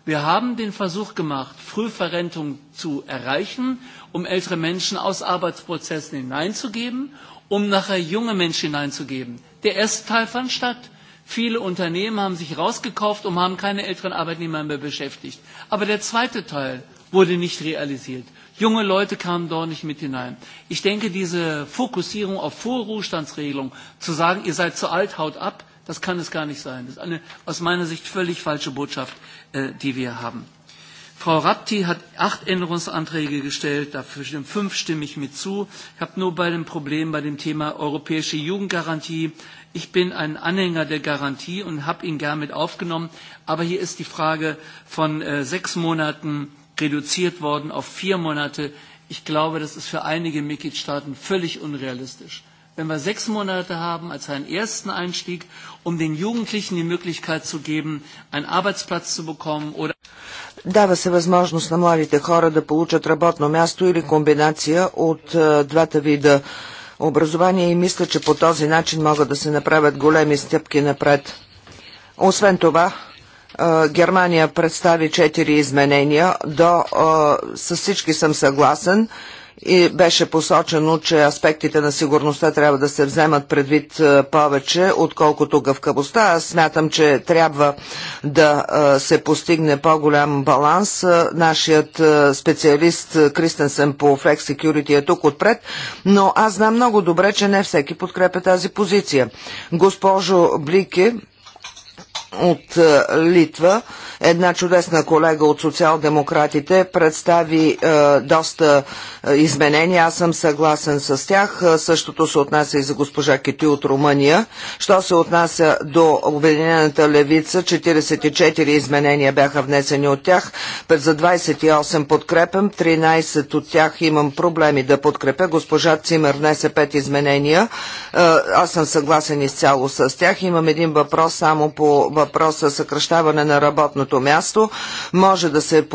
Wir haben den Versuch gemacht, Frühverrentung zu erreichen, um ältere Menschen aus Arbeitsprozessen hineinzugeben, um nachher junge Menschen hineinzugeben. Der erste Teil fand statt. Viele Unternehmen haben sich rausgekauft und haben keine älteren Arbeitnehmer mehr beschäftigt. Aber der zweite Teil wurde nicht realisiert. Junge Leute kamen dort nicht mit hinein. Ich denke, diese Fokussierung auf Vorruhestandsregelung, zu sagen, ihr seid zu alt, haut ab, das kann es gar nicht sein. Das ist eine aus meiner Sicht völlig falsche Botschaft, äh, die wir haben. Frau Rapti hat acht Änderungsanträge gestellt, dafür stimmen fünf stimme ich mit zu. Ich habe nur bei dem Problem, bei dem Thema europäische Jugendgarantie, ich bin ein Anhänger der Garantie und habe ihn gern mit aufgenommen, aber hier ist die Frage von äh, sechs Monaten reduziert worden auf vier Monate. Ich glaube, das ist für einige Mitgliedstaaten völlig unrealistisch. Wenn wir sechs Monate haben als einen ersten Einstieg, um den Jugendlichen die Möglichkeit zu geben, einen Arbeitsplatz zu bekommen oder Дава се възможност на младите хора да получат работно място или комбинация от двата вида образование и мисля, че по този начин могат да се направят големи стъпки напред. Освен това, Германия представи четири изменения. До, с всички съм съгласен и беше посочено, че аспектите на сигурността трябва да се вземат предвид повече, отколкото гъвкавостта. Аз смятам, че трябва да се постигне по-голям баланс. Нашият специалист Кристенсен по Flex Security е тук отпред, но аз знам много добре, че не всеки подкрепя тази позиция. Госпожо Блике, от е, Литва. Една чудесна колега от социал-демократите представи е, доста е, изменения. Аз съм съгласен с тях. Е, същото се отнася и за госпожа Кити от Румъния. Що се отнася до Обединената левица, 44 изменения бяха внесени от тях. За 28 подкрепям, 13 от тях имам проблеми да подкрепя. Госпожа Цимер внесе 5 изменения. аз съм съгласен изцяло с тях. Имам един въпрос само по въпроса съкръщаване на работното място, може да се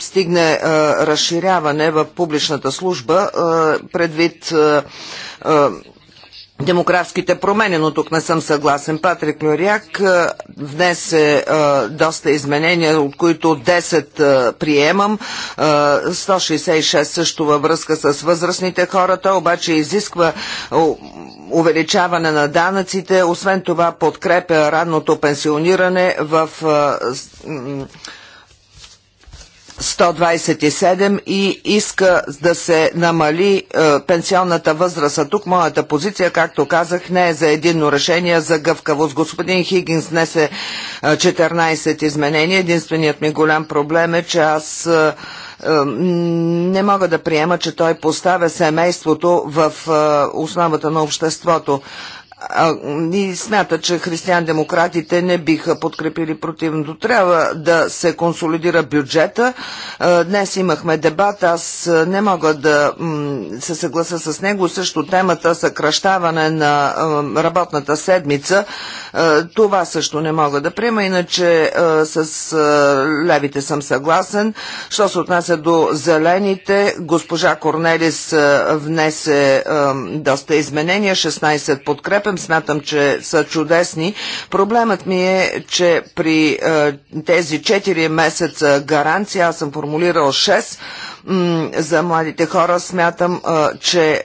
стигне а, разширяване в публичната служба а, предвид а, демографските промени, но тук не съм съгласен. Патрик Мюряк е, внесе е, доста изменения, от които 10 е, приемам, 166 е, също във връзка с възрастните хора. Той обаче изисква увеличаване на данъците, освен това подкрепя ранното пенсиониране в 127 и иска да се намали е, пенсионната възраст. А тук моята позиция, както казах, не е за единно решение за гъвкавост. Господин Хигинс несе е, 14 изменения. Единственият ми голям проблем е, че аз е, е, не мога да приема, че той поставя семейството в е, основата на обществото и смята, че християн-демократите не биха подкрепили противното. Трябва да се консолидира бюджета. Днес имахме дебат, аз не мога да се съгласа с него. Също темата съкръщаване на работната седмица. Това също не мога да приема, иначе с левите съм съгласен. Що се отнася до зелените, госпожа Корнелис внесе доста изменения, 16 подкрепа подкрепям, смятам, че са чудесни. Проблемът ми е, че при е, тези 4 месеца гаранция, аз съм формулирал 6, за младите хора смятам, е, че е,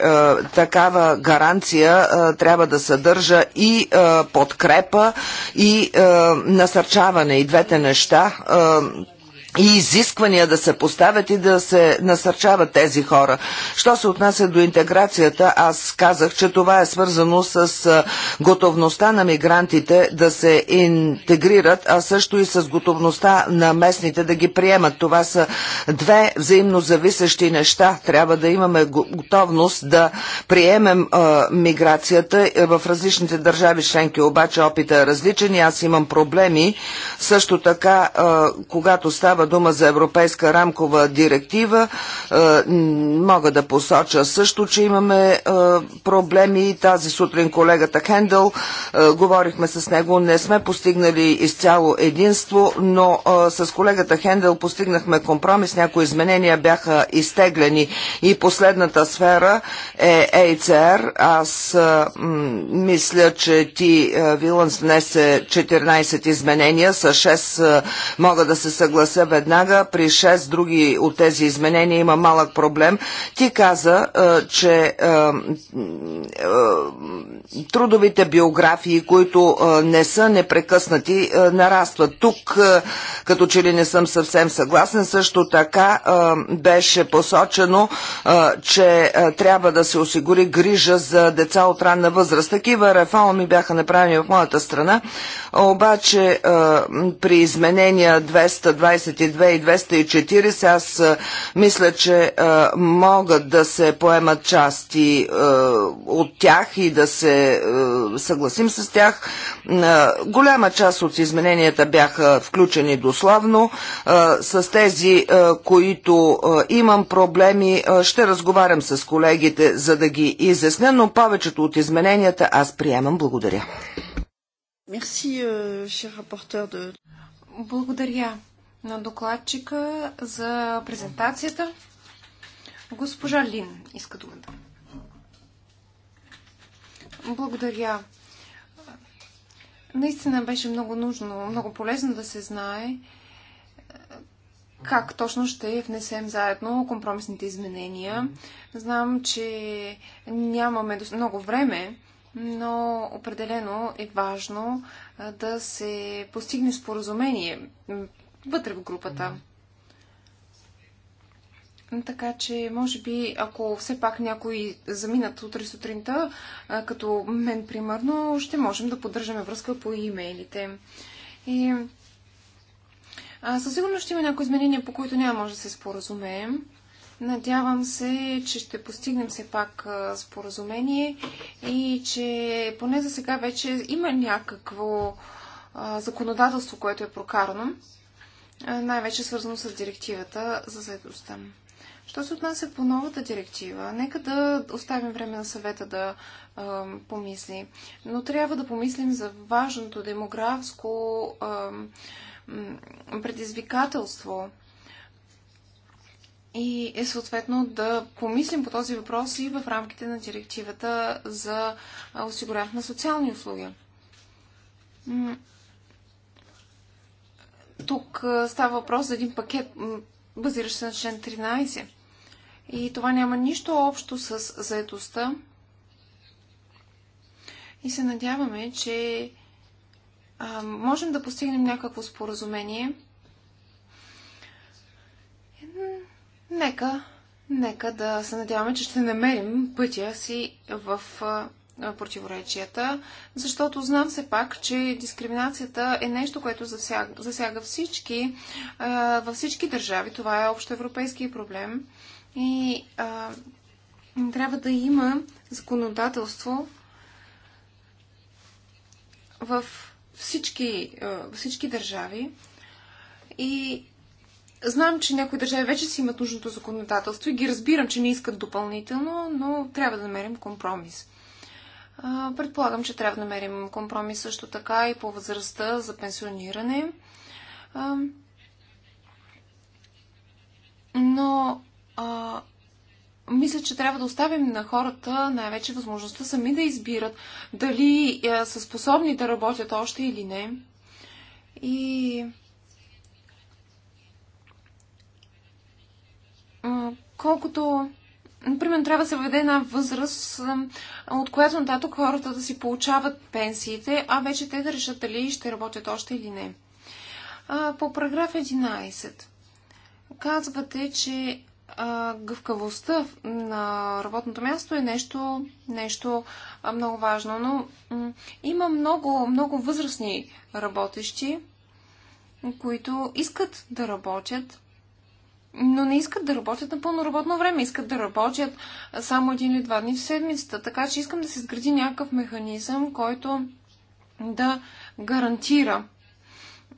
такава гаранция е, трябва да съдържа и подкрепа, и насърчаване, и двете неща и изисквания да се поставят и да се насърчават тези хора. Що се отнася до интеграцията, аз казах, че това е свързано с готовността на мигрантите да се интегрират, а също и с готовността на местните да ги приемат. Това са две взаимно зависещи неща. Трябва да имаме готовност да приемем а, миграцията е, в различните държави членки, обаче опита е различен и аз имам проблеми. Също така, а, когато става дума за Европейска рамкова директива. Е, мога да посоча също, че имаме е, проблеми. Тази сутрин колегата Хендъл, е, говорихме с него, не сме постигнали изцяло единство, но с колегата Хендъл постигнахме компромис. Някои изменения бяха изтеглени и последната сфера е ЕЦР. Аз мисля, че ти, Виланс, внесе 14 изменения, с 6 мога да се съглася веднага. При 6 други от тези изменения има малък проблем. Ти каза, е, че е, е, трудовите биографии, които не са непрекъснати, нарастват. Тук, като че ли не съм съвсем съгласен, също така беше посочено, че трябва да се осигури грижа за деца от ранна възраст. Такива реформи бяха направени в моята страна, обаче при изменения 223 242 и 240 аз мисля, че могат да се поемат части от тях и да се съгласим с тях. Голяма част от измененията бяха включени дословно. С тези, които имам проблеми, ще разговарям с колегите, за да ги изясня, но повечето от измененията аз приемам. Благодаря. Merci, euh, cher rapporteur de... Благодаря, на докладчика за презентацията. Госпожа Лин иска думата. Благодаря. Наистина беше много нужно, много полезно да се знае как точно ще внесем заедно компромисните изменения. Знам, че нямаме много време, но определено е важно да се постигне споразумение вътре в групата. Така че, може би, ако все пак някои заминат утре сутринта, като мен, примерно, ще можем да поддържаме връзка по имейлите. И а, със сигурност ще има някои изменения, по които няма може да се споразумеем. Надявам се, че ще постигнем все пак а, споразумение и че поне за сега вече има някакво а, законодателство, което е прокарано. Е, най-вече свързано с директивата за заедостта. Що се отнася по новата директива, нека да оставим време на съвета да е, помисли. Но трябва да помислим за важното демографско е, предизвикателство и е съответно да помислим по този въпрос и в рамките на директивата за осигуряване на социални услуги. Тук става въпрос за един пакет, базиращ се на член 13. И това няма нищо общо с заедостта. И се надяваме, че а, можем да постигнем някакво споразумение. Нека, нека да се надяваме, че ще намерим пътя си в а, противоречията, защото знам все пак, че дискриминацията е нещо, което засяга, засяга всички. Във всички държави това е общоевропейски проблем и а, трябва да има законодателство в всички, във всички държави и Знам, че някои държави вече си имат нужното законодателство и ги разбирам, че не искат допълнително, но трябва да намерим компромис. Предполагам, че трябва да намерим компромис също така и по възрастта за пенсиониране. Но мисля, че трябва да оставим на хората най-вече възможността сами да избират дали е, са способни да работят още или не. И колкото Например, трябва да се въведе една възраст, от която нататък хората да си получават пенсиите, а вече те да решат дали ще работят още или не. По параграф 11 казвате, че гъвкавостта на работното място е нещо, нещо много важно, но има много, много възрастни работещи, които искат да работят, но не искат да работят на пълно работно време, искат да работят само един или два дни в седмицата. Така че искам да се изгради някакъв механизъм, който да гарантира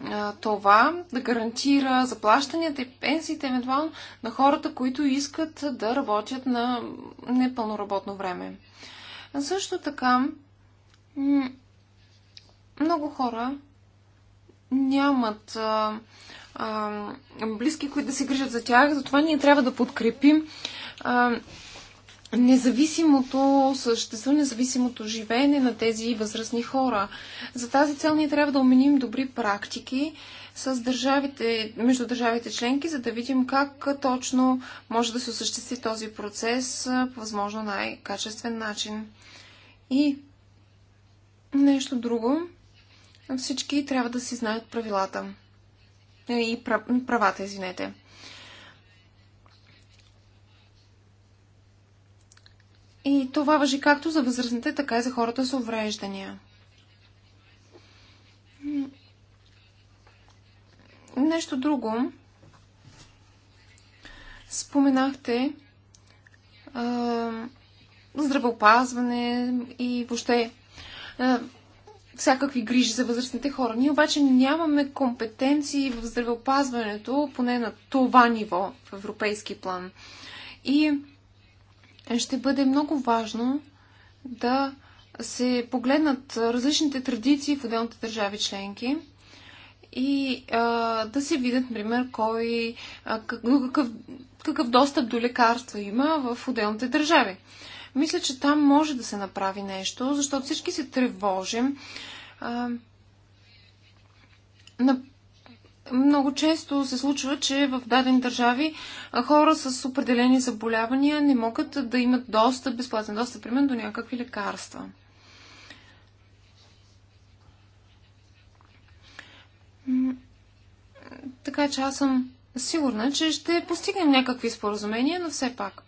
а, това, да гарантира заплащанията и пенсиите евентуално на хората, които искат да работят на непълно работно време. А също така, много хора нямат а, близки, които да се грижат за тях. Затова ние трябва да подкрепим а, независимото същество, независимото живеене на тези възрастни хора. За тази цел ние трябва да уменим добри практики с държавите, между държавите членки, за да видим как точно може да се осъществи този процес по възможно най-качествен начин. И нещо друго. Всички трябва да си знаят правилата и правата, извинете. И това въжи както за възрастните, така и за хората с увреждания. Нещо друго. Споменахте а, здравеопазване и въобще а, всякакви грижи за възрастните хора. Ние обаче нямаме компетенции в здравеопазването, поне на това ниво в европейски план. И ще бъде много важно да се погледнат различните традиции в отделните държави членки и а, да се видят, например, кой, а, какъв, какъв достъп до лекарства има в отделните държави. Мисля, че там може да се направи нещо, защото всички се тревожим. А, на... Много често се случва, че в дадени държави хора с определени заболявания не могат да имат достъп, безплатен достъп, примерно, до някакви лекарства. Така че аз съм сигурна, че ще постигнем някакви споразумения, но все пак.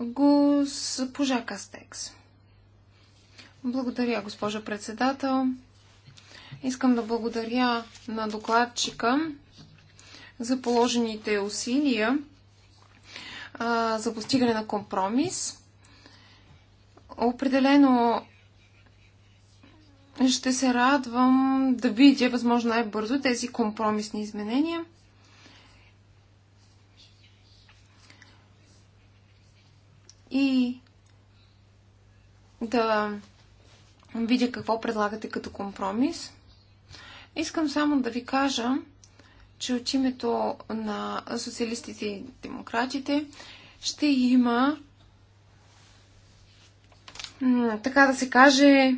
Госпожа Кастекс. Благодаря, госпожа председател. Искам да благодаря на докладчика за положените усилия а, за постигане на компромис. Определено ще се радвам да видя възможно най-бързо тези компромисни изменения – и да видя какво предлагате като компромис. Искам само да ви кажа, че от името на социалистите и демократите ще има, така да се каже,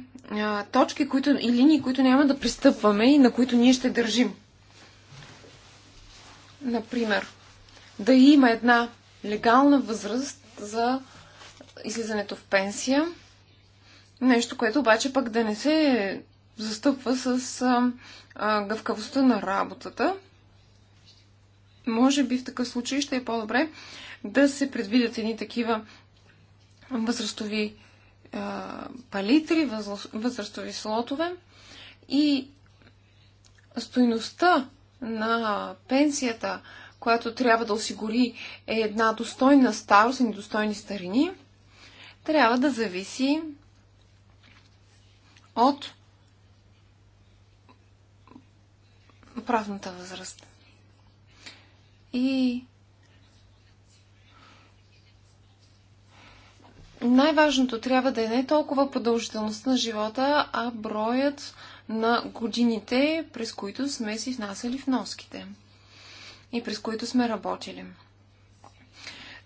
точки които, и линии, които няма да пристъпваме и на които ние ще държим. Например, да има една легална възраст за излизането в пенсия. Нещо, което обаче пък да не се застъпва с а, а, гъвкавостта на работата. Може би в такъв случай ще е по-добре да се предвидят едни такива възрастови а, палитри, възрастови слотове и стоиността на пенсията, която трябва да осигури е една достойна старост и недостойни старини, трябва да зависи от правната възраст. И най-важното трябва да е не толкова продължителността на живота, а броят на годините, през които сме си внасяли вноските и през които сме работили.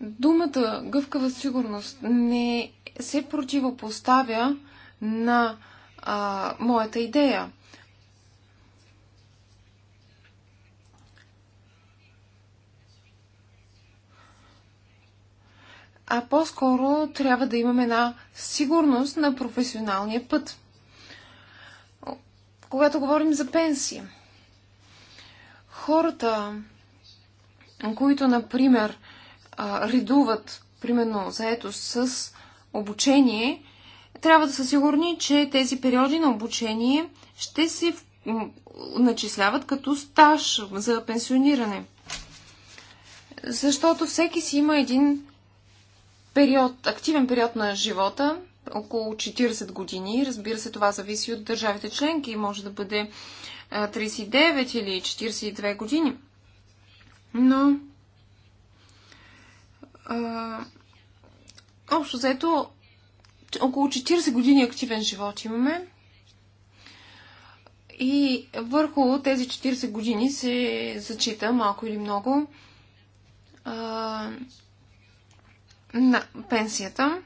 Думата гъвкава сигурност не се противопоставя на а, моята идея. а по-скоро трябва да имаме една сигурност на професионалния път. Когато говорим за пенсии, хората, които, например, а, редуват, примерно, заето с обучение, трябва да са сигурни, че тези периоди на обучение ще се начисляват като стаж за пенсиониране. Защото всеки си има един период, активен период на живота, около 40 години. Разбира се, това зависи от държавите членки. Може да бъде 39 или 42 години. Но общо заето около 40 години активен живот имаме. И върху тези 40 години се зачита малко или много а, на пенсията.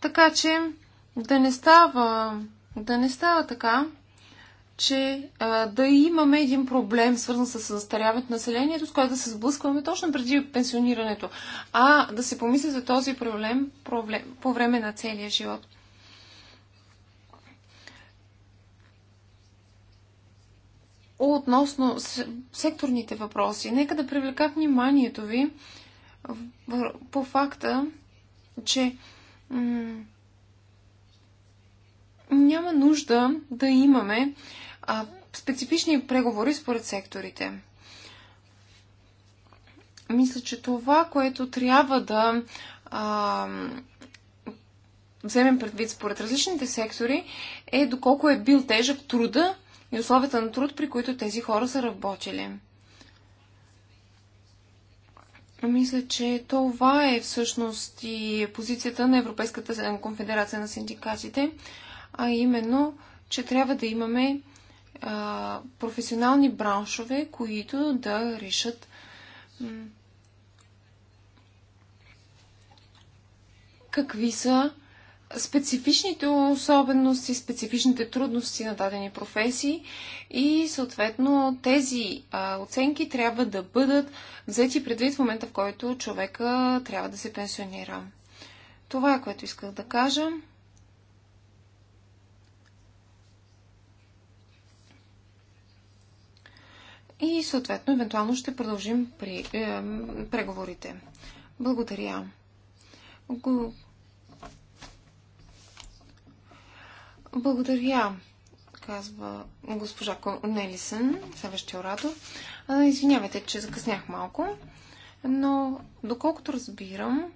Така че да не става, да не става така, че а, да имаме един проблем, свързан с застаряването на населението, с който да се сблъскваме точно преди пенсионирането, а да се помисли за този проблем, проблем по време на целия живот. Относно секторните въпроси, нека да привлека вниманието ви по факта, че няма нужда да имаме а, специфични преговори според секторите. Мисля, че това, което трябва да а, вземем предвид според различните сектори, е доколко е бил тежък труда и условията на труд, при които тези хора са работили. Мисля, че това е всъщност и позицията на Европейската конфедерация на синдикатите, а именно, че трябва да имаме а, професионални браншове, които да решат какви са специфичните особености, специфичните трудности на дадени професии и съответно тези а, оценки трябва да бъдат взети предвид в момента, в който човека трябва да се пенсионира. Това е което исках да кажа. и съответно евентуално ще продължим при е, преговорите. Благодаря. Благодаря, казва госпожа Нелисън, следващия оратор. Извинявайте, че закъснях малко, но доколкото разбирам,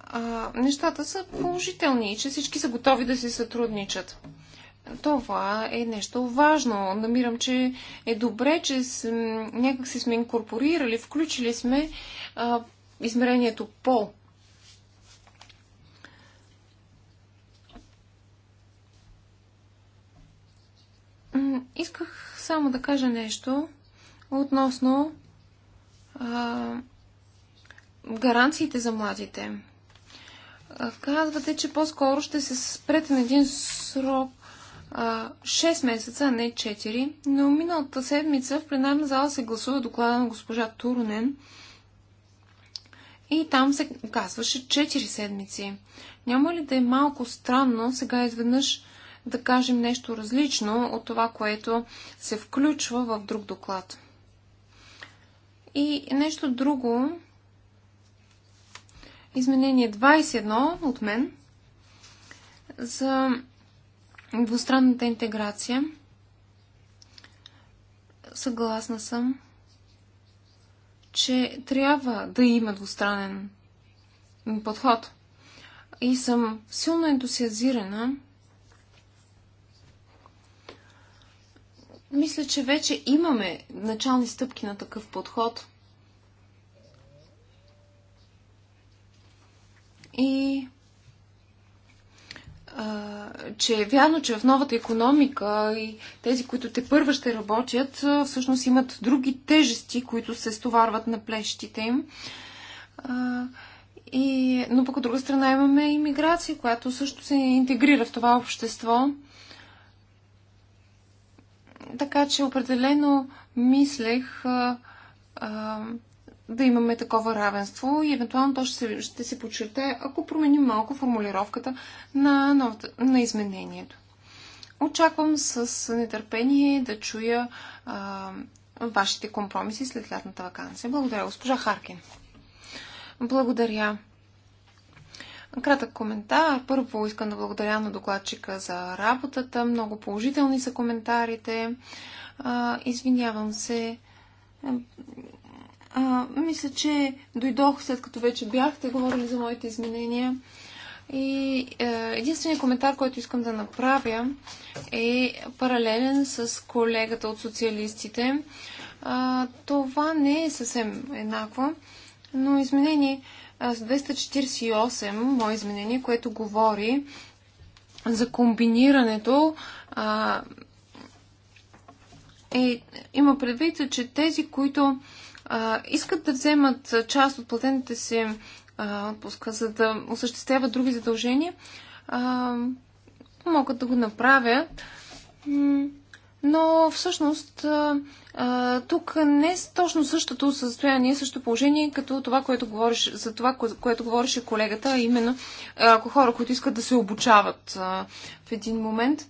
а, нещата са положителни и че всички са готови да се сътрудничат това е нещо важно. Намирам, че е добре, че някак си сме инкорпорирали, включили сме а, измерението пол. Исках само да кажа нещо относно а, гаранциите за младите. Казвате, че по-скоро ще се спрете на един срок 6 месеца, а не 4, но миналата седмица в пленарна зала се гласува доклада на госпожа Турнен и там се казваше 4 седмици. Няма ли да е малко странно сега изведнъж да кажем нещо различно от това, което се включва в друг доклад? И нещо друго, изменение 21 от мен, за двустранната интеграция. Съгласна съм, че трябва да има двустранен подход. И съм силно ентусиазирана. Мисля, че вече имаме начални стъпки на такъв подход. И че е вярно, че в новата економика и тези, които те първа ще работят, всъщност имат други тежести, които се стоварват на плещите им. И, но пък от друга страна имаме иммиграция, която също се интегрира в това общество. Така че определено мислех а, а, да имаме такова равенство и евентуално то ще се, ще се подчертае, ако променим малко формулировката на, новата, на изменението. Очаквам с нетърпение да чуя а, вашите компромиси след лятната вакансия. Благодаря, госпожа Харкин. Благодаря. Кратък коментар. Първо искам да благодаря на докладчика за работата. Много положителни са коментарите. А, извинявам се а, мисля, че дойдох след като вече бяхте говорили за моите изменения. И е, единственият коментар, който искам да направя е паралелен с колегата от социалистите. А, това не е съвсем еднакво, но изменение с 248, мое изменение, което говори за комбинирането а, е, има предвид, че тези, които а, искат да вземат част от платените си а, отпуска, за да осъществяват други задължения, а, могат да го направят. Но всъщност тук не е точно същото състояние, същото положение, като това, което говориш, за това, което говореше колегата, а именно ако хора, които искат да се обучават в един момент.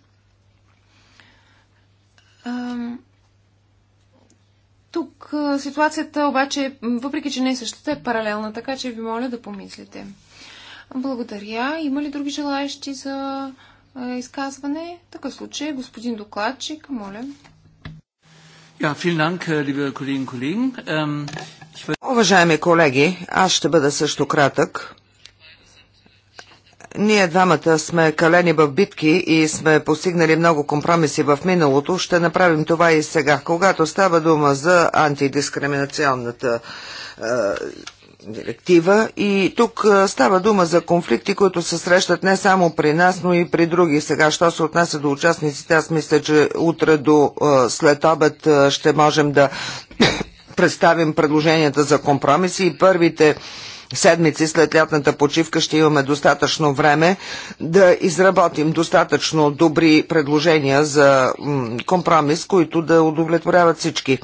Тук ситуацията обаче, въпреки че не е същата, е паралелна, така че ви моля да помислите. Благодаря. Има ли други желаящи за изказване? В такъв случай, господин докладчик, моля. Ja, vielen Dank, äh, liebe Kolleginnen und Kollegen. Ähm, ich... Уважаеми колеги, аз ще бъда също кратък. Ние двамата сме калени в битки и сме постигнали много компромиси в миналото. Ще направим това и сега. Когато става дума за антидискриминационната е, директива и тук е, става дума за конфликти, които се срещат не само при нас, но и при други. Сега, що се отнася до участниците, аз мисля, че утре до е, след обед е, ще можем да представим предложенията за компромиси и първите седмици след лятната почивка ще имаме достатъчно време да изработим достатъчно добри предложения за компромис, които да удовлетворяват всички.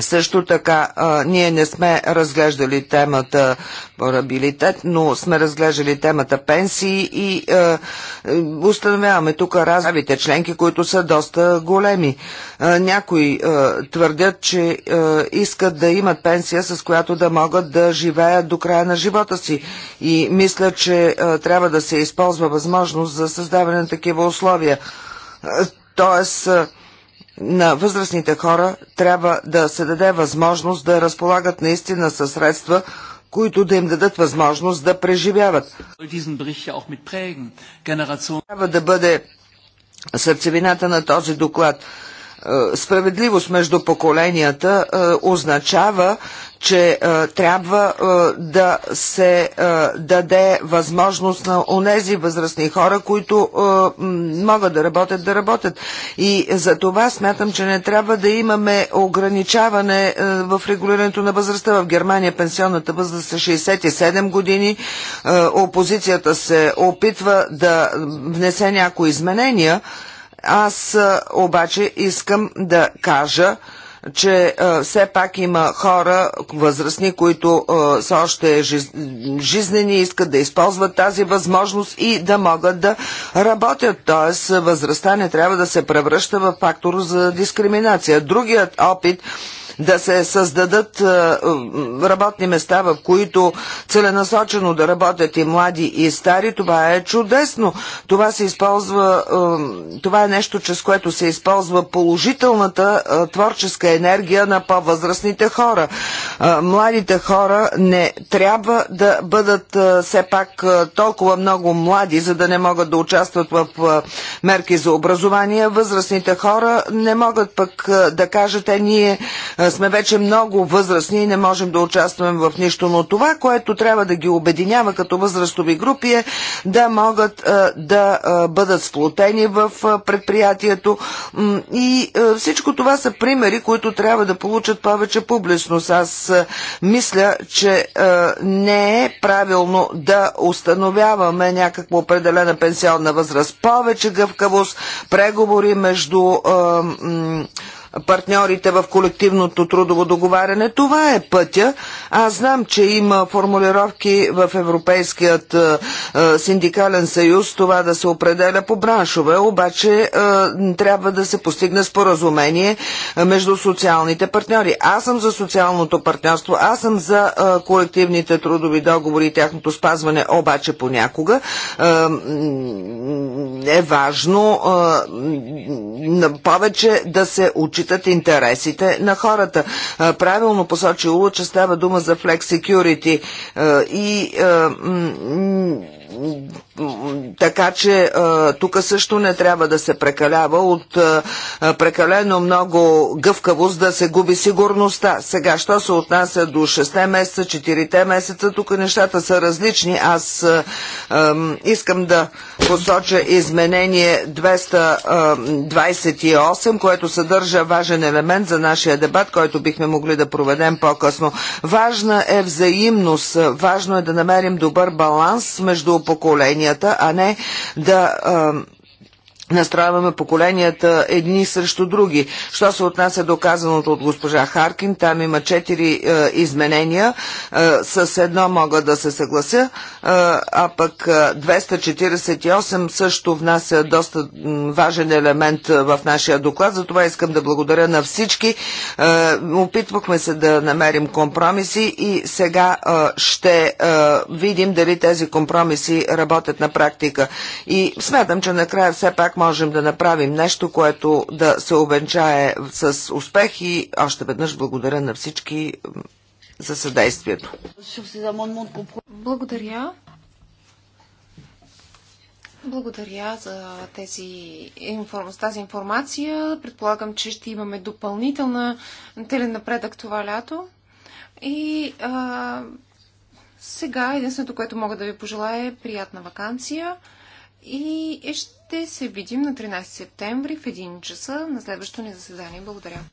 Също така, а, ние не сме разглеждали темата порабилитет, но сме разглеждали темата пенсии и а, установяваме тук разликите членки, които са доста големи. А, някои а, твърдят, че а, искат да имат пенсия, с която да могат да живеят до края на живота си. И мисля, че а, трябва да се използва възможност за създаване на такива условия. Тоест, на възрастните хора трябва да се даде възможност да разполагат наистина със средства, които да им дадат възможност да преживяват. Трябва да бъде сърцевината на този доклад е, справедливост между поколенията е, означава че а, е, трябва а, е, да се а, е, даде възможност на онези възрастни хора, които а, могат да работят, да работят. И за това смятам, че не трябва да имаме ограничаване а, в регулирането на възрастта. В Германия пенсионната възраст е 67 години. А, опозицията се опитва да внесе някои изменения. Аз а, обаче искам да кажа, че все пак има хора, възрастни, които са още жизнени, искат да използват тази възможност и да могат да работят. Т.е. възрастта не трябва да се превръща в фактор за дискриминация. Другият опит да се създадат е, е, работни места, в които целенасочено да работят и млади и стари, това е чудесно. Това се използва, е, това е нещо, чрез което се използва положителната творческа енергия на по-възрастните хора. Младите хора не трябва да бъдат все пак толкова много млади, за да не могат да участват в мерки за образование. Възрастните хора не могат пък да кажат, е ние сме вече много възрастни и не можем да участваме в нищо, но това, което трябва да ги обединява като възрастови групи е да могат да бъдат сплотени в предприятието и всичко това са примери, които трябва да получат повече публичност. Аз мисля, че не е правилно да установяваме някаква определена пенсионна възраст. Повече гъвкавост, преговори между партньорите в колективното трудово договаряне. Това е пътя. Аз знам, че има формулировки в Европейският е, е, синдикален съюз това да се определя по браншове, обаче е, трябва да се постигне споразумение между социалните партньори. Аз съм за социалното партньорство, аз съм за колективните трудови договори и тяхното спазване, обаче понякога е важно повече да се учи отчитат интересите на хората. Правилно посочи Улу, че става дума за флексикюрити и така че тук също не трябва да се прекалява от прекалено много гъвкавост да се губи сигурността. Сега, що се отнася до 6 месеца, 4 месеца, тук нещата са различни. Аз искам да посоча изменение 228, което съдържа важен елемент за нашия дебат, който бихме могли да проведем по-късно. Важна е взаимност, важно е да намерим добър баланс между поколенията, а не да Настрояваме поколенията едни срещу други. Що се отнася до казаното от госпожа Харкин, там има четири е, изменения. Е, с едно мога да се съглася, е, а пък 248 е, също внася доста важен елемент е, в нашия доклад. Затова искам да благодаря на всички. Е, опитвахме се да намерим компромиси и сега е, ще е, видим дали тези компромиси работят на практика. И смятам, че накрая все пак можем да направим нещо, което да се обенчае с успех и още веднъж благодаря на всички за съдействието. Благодаря. Благодаря за тези, тази информация. Предполагам, че ще имаме допълнителна телен напредък това лято. И а, сега единственото, което мога да ви пожелая е приятна вакансия и ще ще се видим на 13 септември в 1 часа на следващото ни заседание. Благодаря.